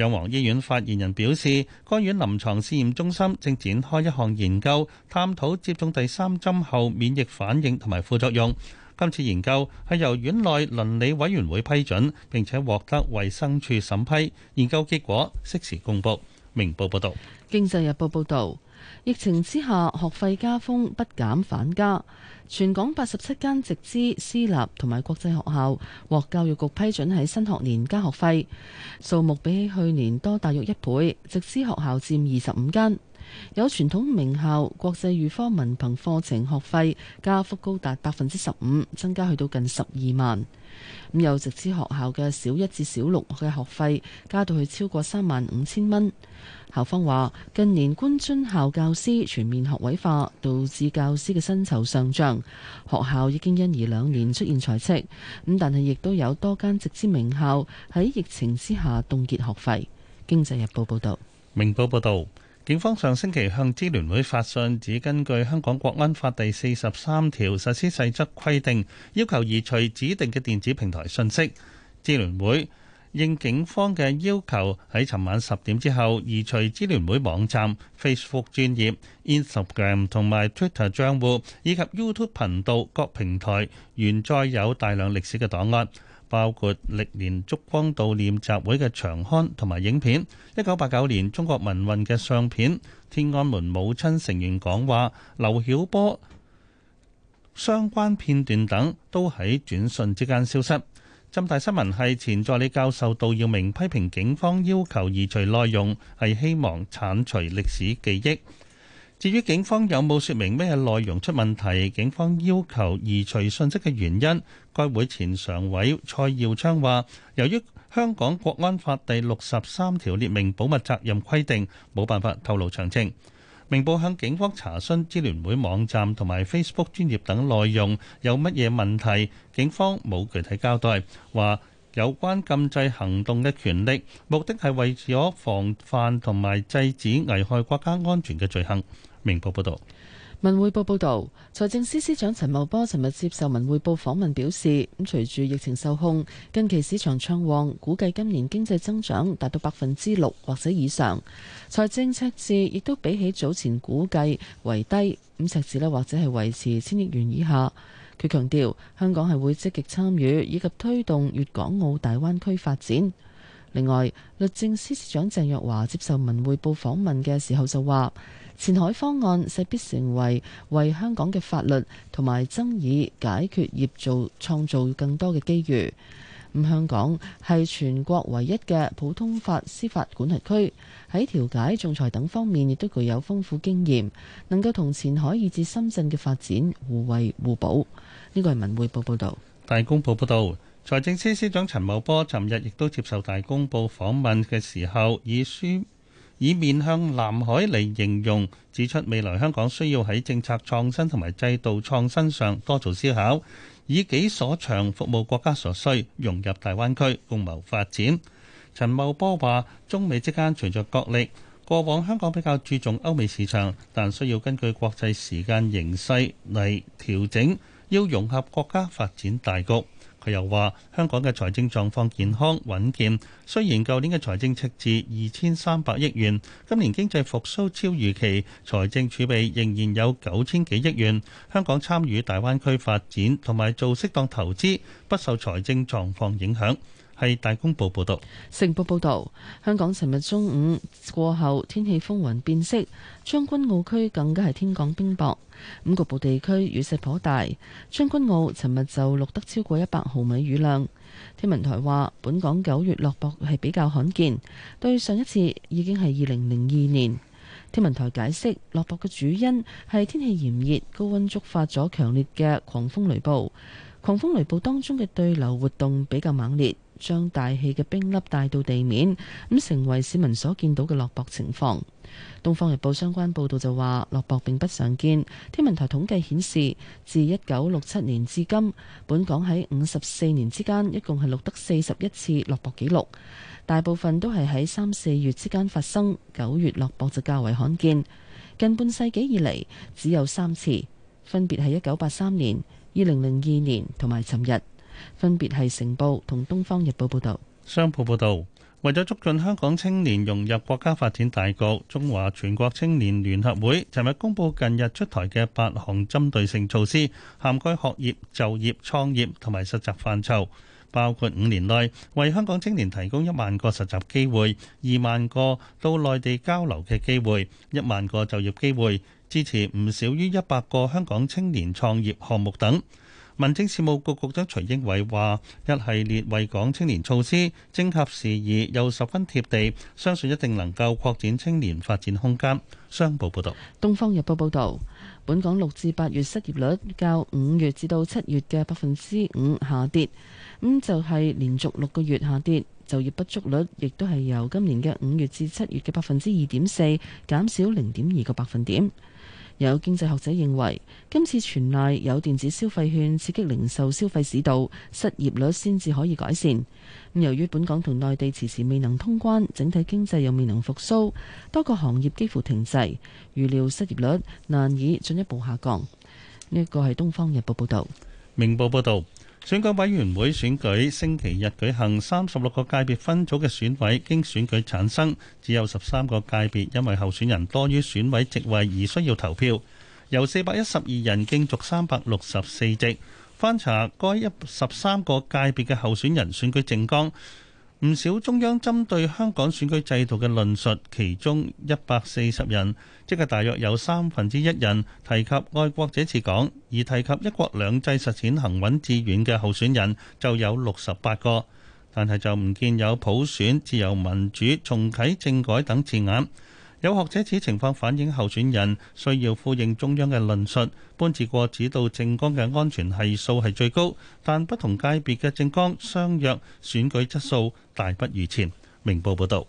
養和醫院發言人表示，該院臨床試驗中心正展開一項研究，探討接種第三針後免疫反應同埋副作用。今次研究係由院內倫理委員會批准，並且獲得衛生署審批，研究結果適時公佈。明報報導，《經濟日報》報導，疫情之下學費加風，不減反加。全港八十七間直資、私立同埋國際學校獲教育局批准喺新學年加學費，數目比起去年多大約一倍。直資學校佔二十五間，有傳統名校、國際預科文憑課程學費加幅高達百分之十五，增加去到近十二萬。咁又直資學校嘅小一至小六嘅學費加到去超過三萬五千蚊。校方話，近年官津校教師全面學位化，導致教師嘅薪酬上漲，學校已經因而兩年出現財赤。咁但係亦都有多間直資名校喺疫情之下凍結學費。經濟日報報道，明報報道。警方上星期向支聯會發信，指根據香港國安法第四十三條實施細則規定，要求移除指定嘅電子平台訊息。支聯會應警方嘅要求喺尋晚十點之後移除支聯會網站、Facebook 專頁、Instagram 同埋 Twitter 賬戶以及 YouTube 頻道，各平台原載有大量歷史嘅檔案。包括歷年燭光悼念集會嘅長刊同埋影片，一九八九年中國民運嘅相片、天安門母親成員講話、劉曉波相關片段等，都喺轉瞬之間消失。浸大新聞系前助理教授杜耀明批評警方要求移除內容，係希望剷除歷史記憶。至於警方有冇説明咩內容出問題？警方要求移除信息嘅原因，該會前常委蔡耀昌話，由於香港國安法第六十三條列明保密責任規定，冇辦法透露詳情。明報向警方查詢支聯會網站同埋 Facebook 專頁等內容有乜嘢問題，警方冇具體交代。話有關禁制行動嘅權力，目的係為咗防範同埋制止危害國家安全嘅罪行。明報報道，文匯報報道，財政司司長陳茂波尋日接受文匯報訪問，表示咁隨住疫情受控，近期市場暢旺，估計今年經濟增長達到百分之六或者以上，財政赤字亦都比起早前估計為低，咁赤字呢，或者係維持千億元以下。佢強調，香港係會積極參與以及推動粵港澳大灣區發展。另外，律政司司長鄭若驊接受《文匯報》訪問嘅時候就話，前海方案勢必成為為香港嘅法律同埋爭議解決業做創造更多嘅機遇。咁香港係全國唯一嘅普通法司法管轄區，喺調解、仲裁等方面亦都具有豐富經驗，能夠同前海以至深圳嘅發展互惠互補。呢個係《文匯報》報道，大公報報道。財政司司長陳茂波尋日亦都接受《大公報》訪問嘅時候，以書以面向南海嚟形容，指出未來香港需要喺政策創新同埋制度創新上多做思考，以己所長服務國家所需，融入大灣區共謀發展。陳茂波話：中美之間隨着角力，過往香港比較注重歐美市場，但需要根據國際時間形勢嚟調整，要融合國家發展大局。佢又話：香港嘅財政狀況健康穩健，雖然舊年嘅財政赤字二千三百億元，今年經濟復甦超預期，財政儲備仍然有九千幾億元。香港參與大灣區發展同埋做適當投資，不受財政狀況影響。係大公報報道，成報報道，香港尋日中午過後天氣風雲變色，將軍澳區更加係天降冰雹。五局部地區雨勢頗大，將軍澳尋日就錄得超過一百毫米雨量。天文台話，本港九月落雹係比較罕見，對上一次已經係二零零二年。天文台解釋，落雹嘅主因係天氣炎熱，高溫觸發咗強烈嘅狂風雷暴，狂風雷暴當中嘅對流活動比較猛烈。將大氣嘅冰粒帶到地面，咁成為市民所見到嘅落雹情況。東方日報相關報道就話，落雹並不常見。天文台統計顯示，自一九六七年至今，本港喺五十四年之間，一共係錄得四十一次落雹記錄，大部分都係喺三四月之間發生，九月落雹就較為罕見。近半世紀以嚟，只有三次，分別係一九八三年、二零零二年同埋尋日。分別係《成報》同《東方日報》報導。商報報導，為咗促進香港青年融入國家發展大局，中華全國青年聯合會尋日公布近日出台嘅八項針對性措施，涵蓋學業、就業、創業同埋實習範疇，包括五年內為香港青年提供一萬個實習機會、二萬個到內地交流嘅機會、一萬個就業機會、支持唔少於一百個香港青年創業項目等。民政事務局局長徐英偉話：一系列惠港青年措施，正合時宜又十分貼地，相信一定能夠擴展青年發展空間。商報報道，《東方日報》報道，本港六至八月失業率較五月至到七月嘅百分之五下跌，咁就係連續六個月下跌，就業不足率亦都係由今年嘅五月至七月嘅百分之二點四，減少零點二個百分點。有經濟學者認為，今次全賴有電子消費券刺激零售消費市道，失業率先至可以改善。由於本港同內地遲遲未能通關，整體經濟又未能復甦，多個行業幾乎停滯，預料失業率難以進一步下降。呢、這、一個係《東方日報》報導，《明報，報道》報導。選舉委員會選舉星期日舉行，三十六個界別分組嘅選委經選舉產生，只有十三個界別因為候選人多於選委席位而需要投票，由四百一十二人競逐三百六十四席。翻查該十三個界別嘅候選人選舉政綱。唔少中央針對香港選舉制度嘅論述，其中一百四十人，即係大約有三分之一人提及愛國者治港，而提及一國兩制實踐行穩致遠嘅候選人就有六十八個，但係就唔見有普選、自由民主、重啟政改等字眼。有學者指情況反映候選人需要呼應中央嘅論述。潘志國指導政綱嘅安全係數係最高，但不同界別嘅政綱相若，選舉質素大不如前。明報報道。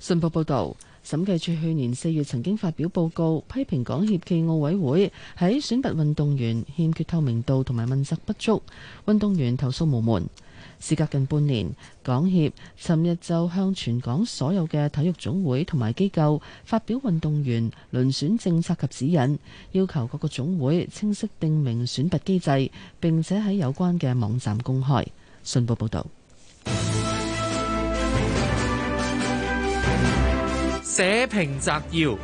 信報報道，審計處去年四月曾經發表報告，批評港協暨奧委會喺選拔運動員欠缺透明度同埋問責不足，運動員投訴無門。事隔近半年，港協尋日就向全港所有嘅體育總會同埋機構發表運動員輪選政策及指引，要求各個總會清晰定明選拔機制，並且喺有關嘅網站公開。信報報道：社評摘要。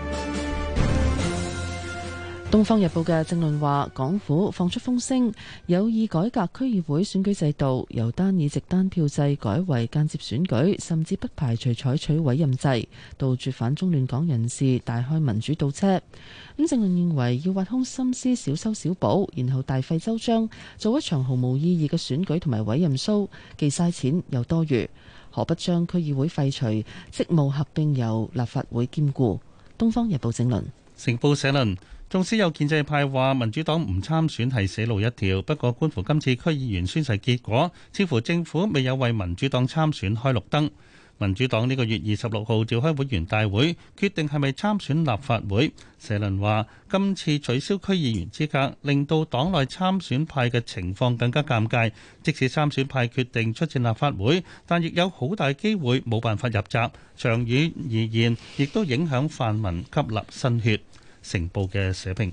《東方日報》嘅政論話，港府放出風聲有意改革區議會選舉制度，由單議席單票制改為間接選舉，甚至不排除採取委任制，杜絕反中亂港人士大開民主倒車。咁政論認為要挖空心思小修小補，然後大費周章做一場毫無意義嘅選舉同埋委任騷，既嘥錢又多餘，何不將區議會廢除，職務合併由立法會兼顧？《東方日報》政論，成報社論。縱使有建制派話民主黨唔參選係死路一條。不過觀乎今次區議員宣誓結果，似乎政府未有為民主黨參選開綠燈。民主黨呢個月二十六號召開會員大會，決定係咪參選立法會。社論話今次取消區議員資格，令到黨內參選派嘅情況更加尷尬。即使參選派決定出戰立法會，但亦有好大機會冇辦法入閘，長遠而言，亦都影響泛民吸納新血。成報嘅社評，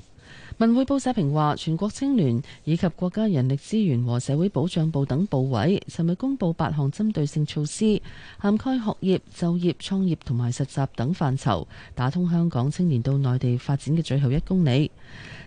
文匯報社評話，全國青聯以及國家人力資源和社會保障部等部委，尋日公布八項針對性措施，涵蓋學業、就業、創業同埋實習等範疇，打通香港青年到內地發展嘅最後一公里。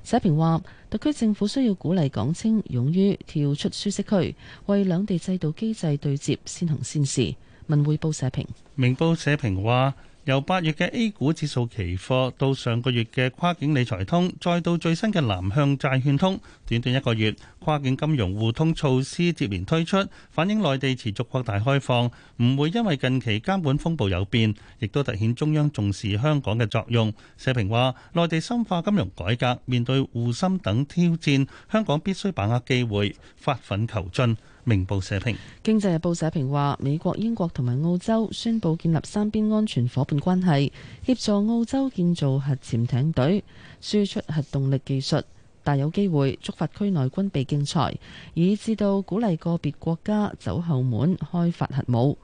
社評話，特區政府需要鼓勵港青勇於跳出舒適區，為兩地制度機制對接先行先試。文匯報社評，明報社評話。由八月嘅 A 股指數期貨到上個月嘅跨境理財通，再到最新嘅南向債券通，短短一個月，跨境金融互通措施接連推出，反映內地持續擴大開放，唔會因為近期監管風暴有變，亦都凸顯中央重視香港嘅作用。社評話，內地深化金融改革面對護心等挑戰，香港必須把握機會，發奮求進。明報社評，經濟日報社評話：美國、英國同埋澳洲宣布建立三邊安全夥伴關係，協助澳洲建造核潛艇隊，輸出核動力技術，大有機會觸發區內軍備競賽，以致到鼓勵個別國家走後門開發核武。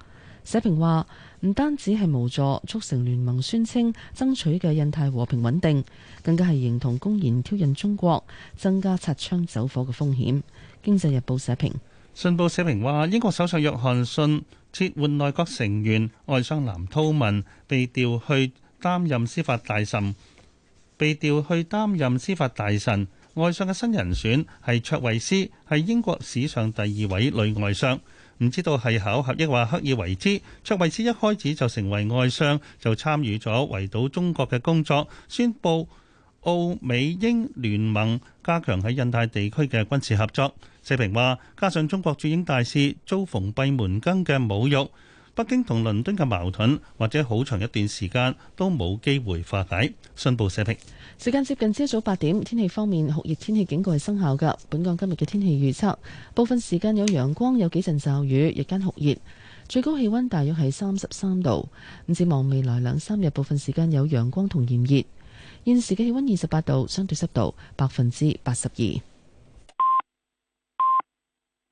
社評話，唔單止係無助促成聯盟宣稱爭取嘅印太和平穩定，更加係形同公然挑釁中國，增加擦槍走火嘅風險。經濟日報社評。信報社評話，英國首相約翰遜撤換內閣成員，外相藍韜文，被調去擔任司法大臣。被調去擔任司法大臣，外相嘅新人選係卓慧思，係英國史上第二位女外相。唔知道係巧合，抑或刻意為之？卓慧思一開始就成為外相，就參與咗圍堵中國嘅工作，宣布。澳美英聯盟加強喺印太地區嘅軍事合作。社評話，加上中國駐英大使遭逢閉門羹嘅侮辱，北京同倫敦嘅矛盾或者好長一段時間都冇機會化解。信報社評。時間接近朝早八點，天氣方面酷熱天氣警告係生效㗎。本港今日嘅天氣預測，部分時間有陽光，有幾陣驟雨，日間酷熱，最高氣温大約係三十三度。展望未來兩三日，部分時間有陽光同炎熱。現時嘅氣溫二十八度，相對濕度百分之八十二。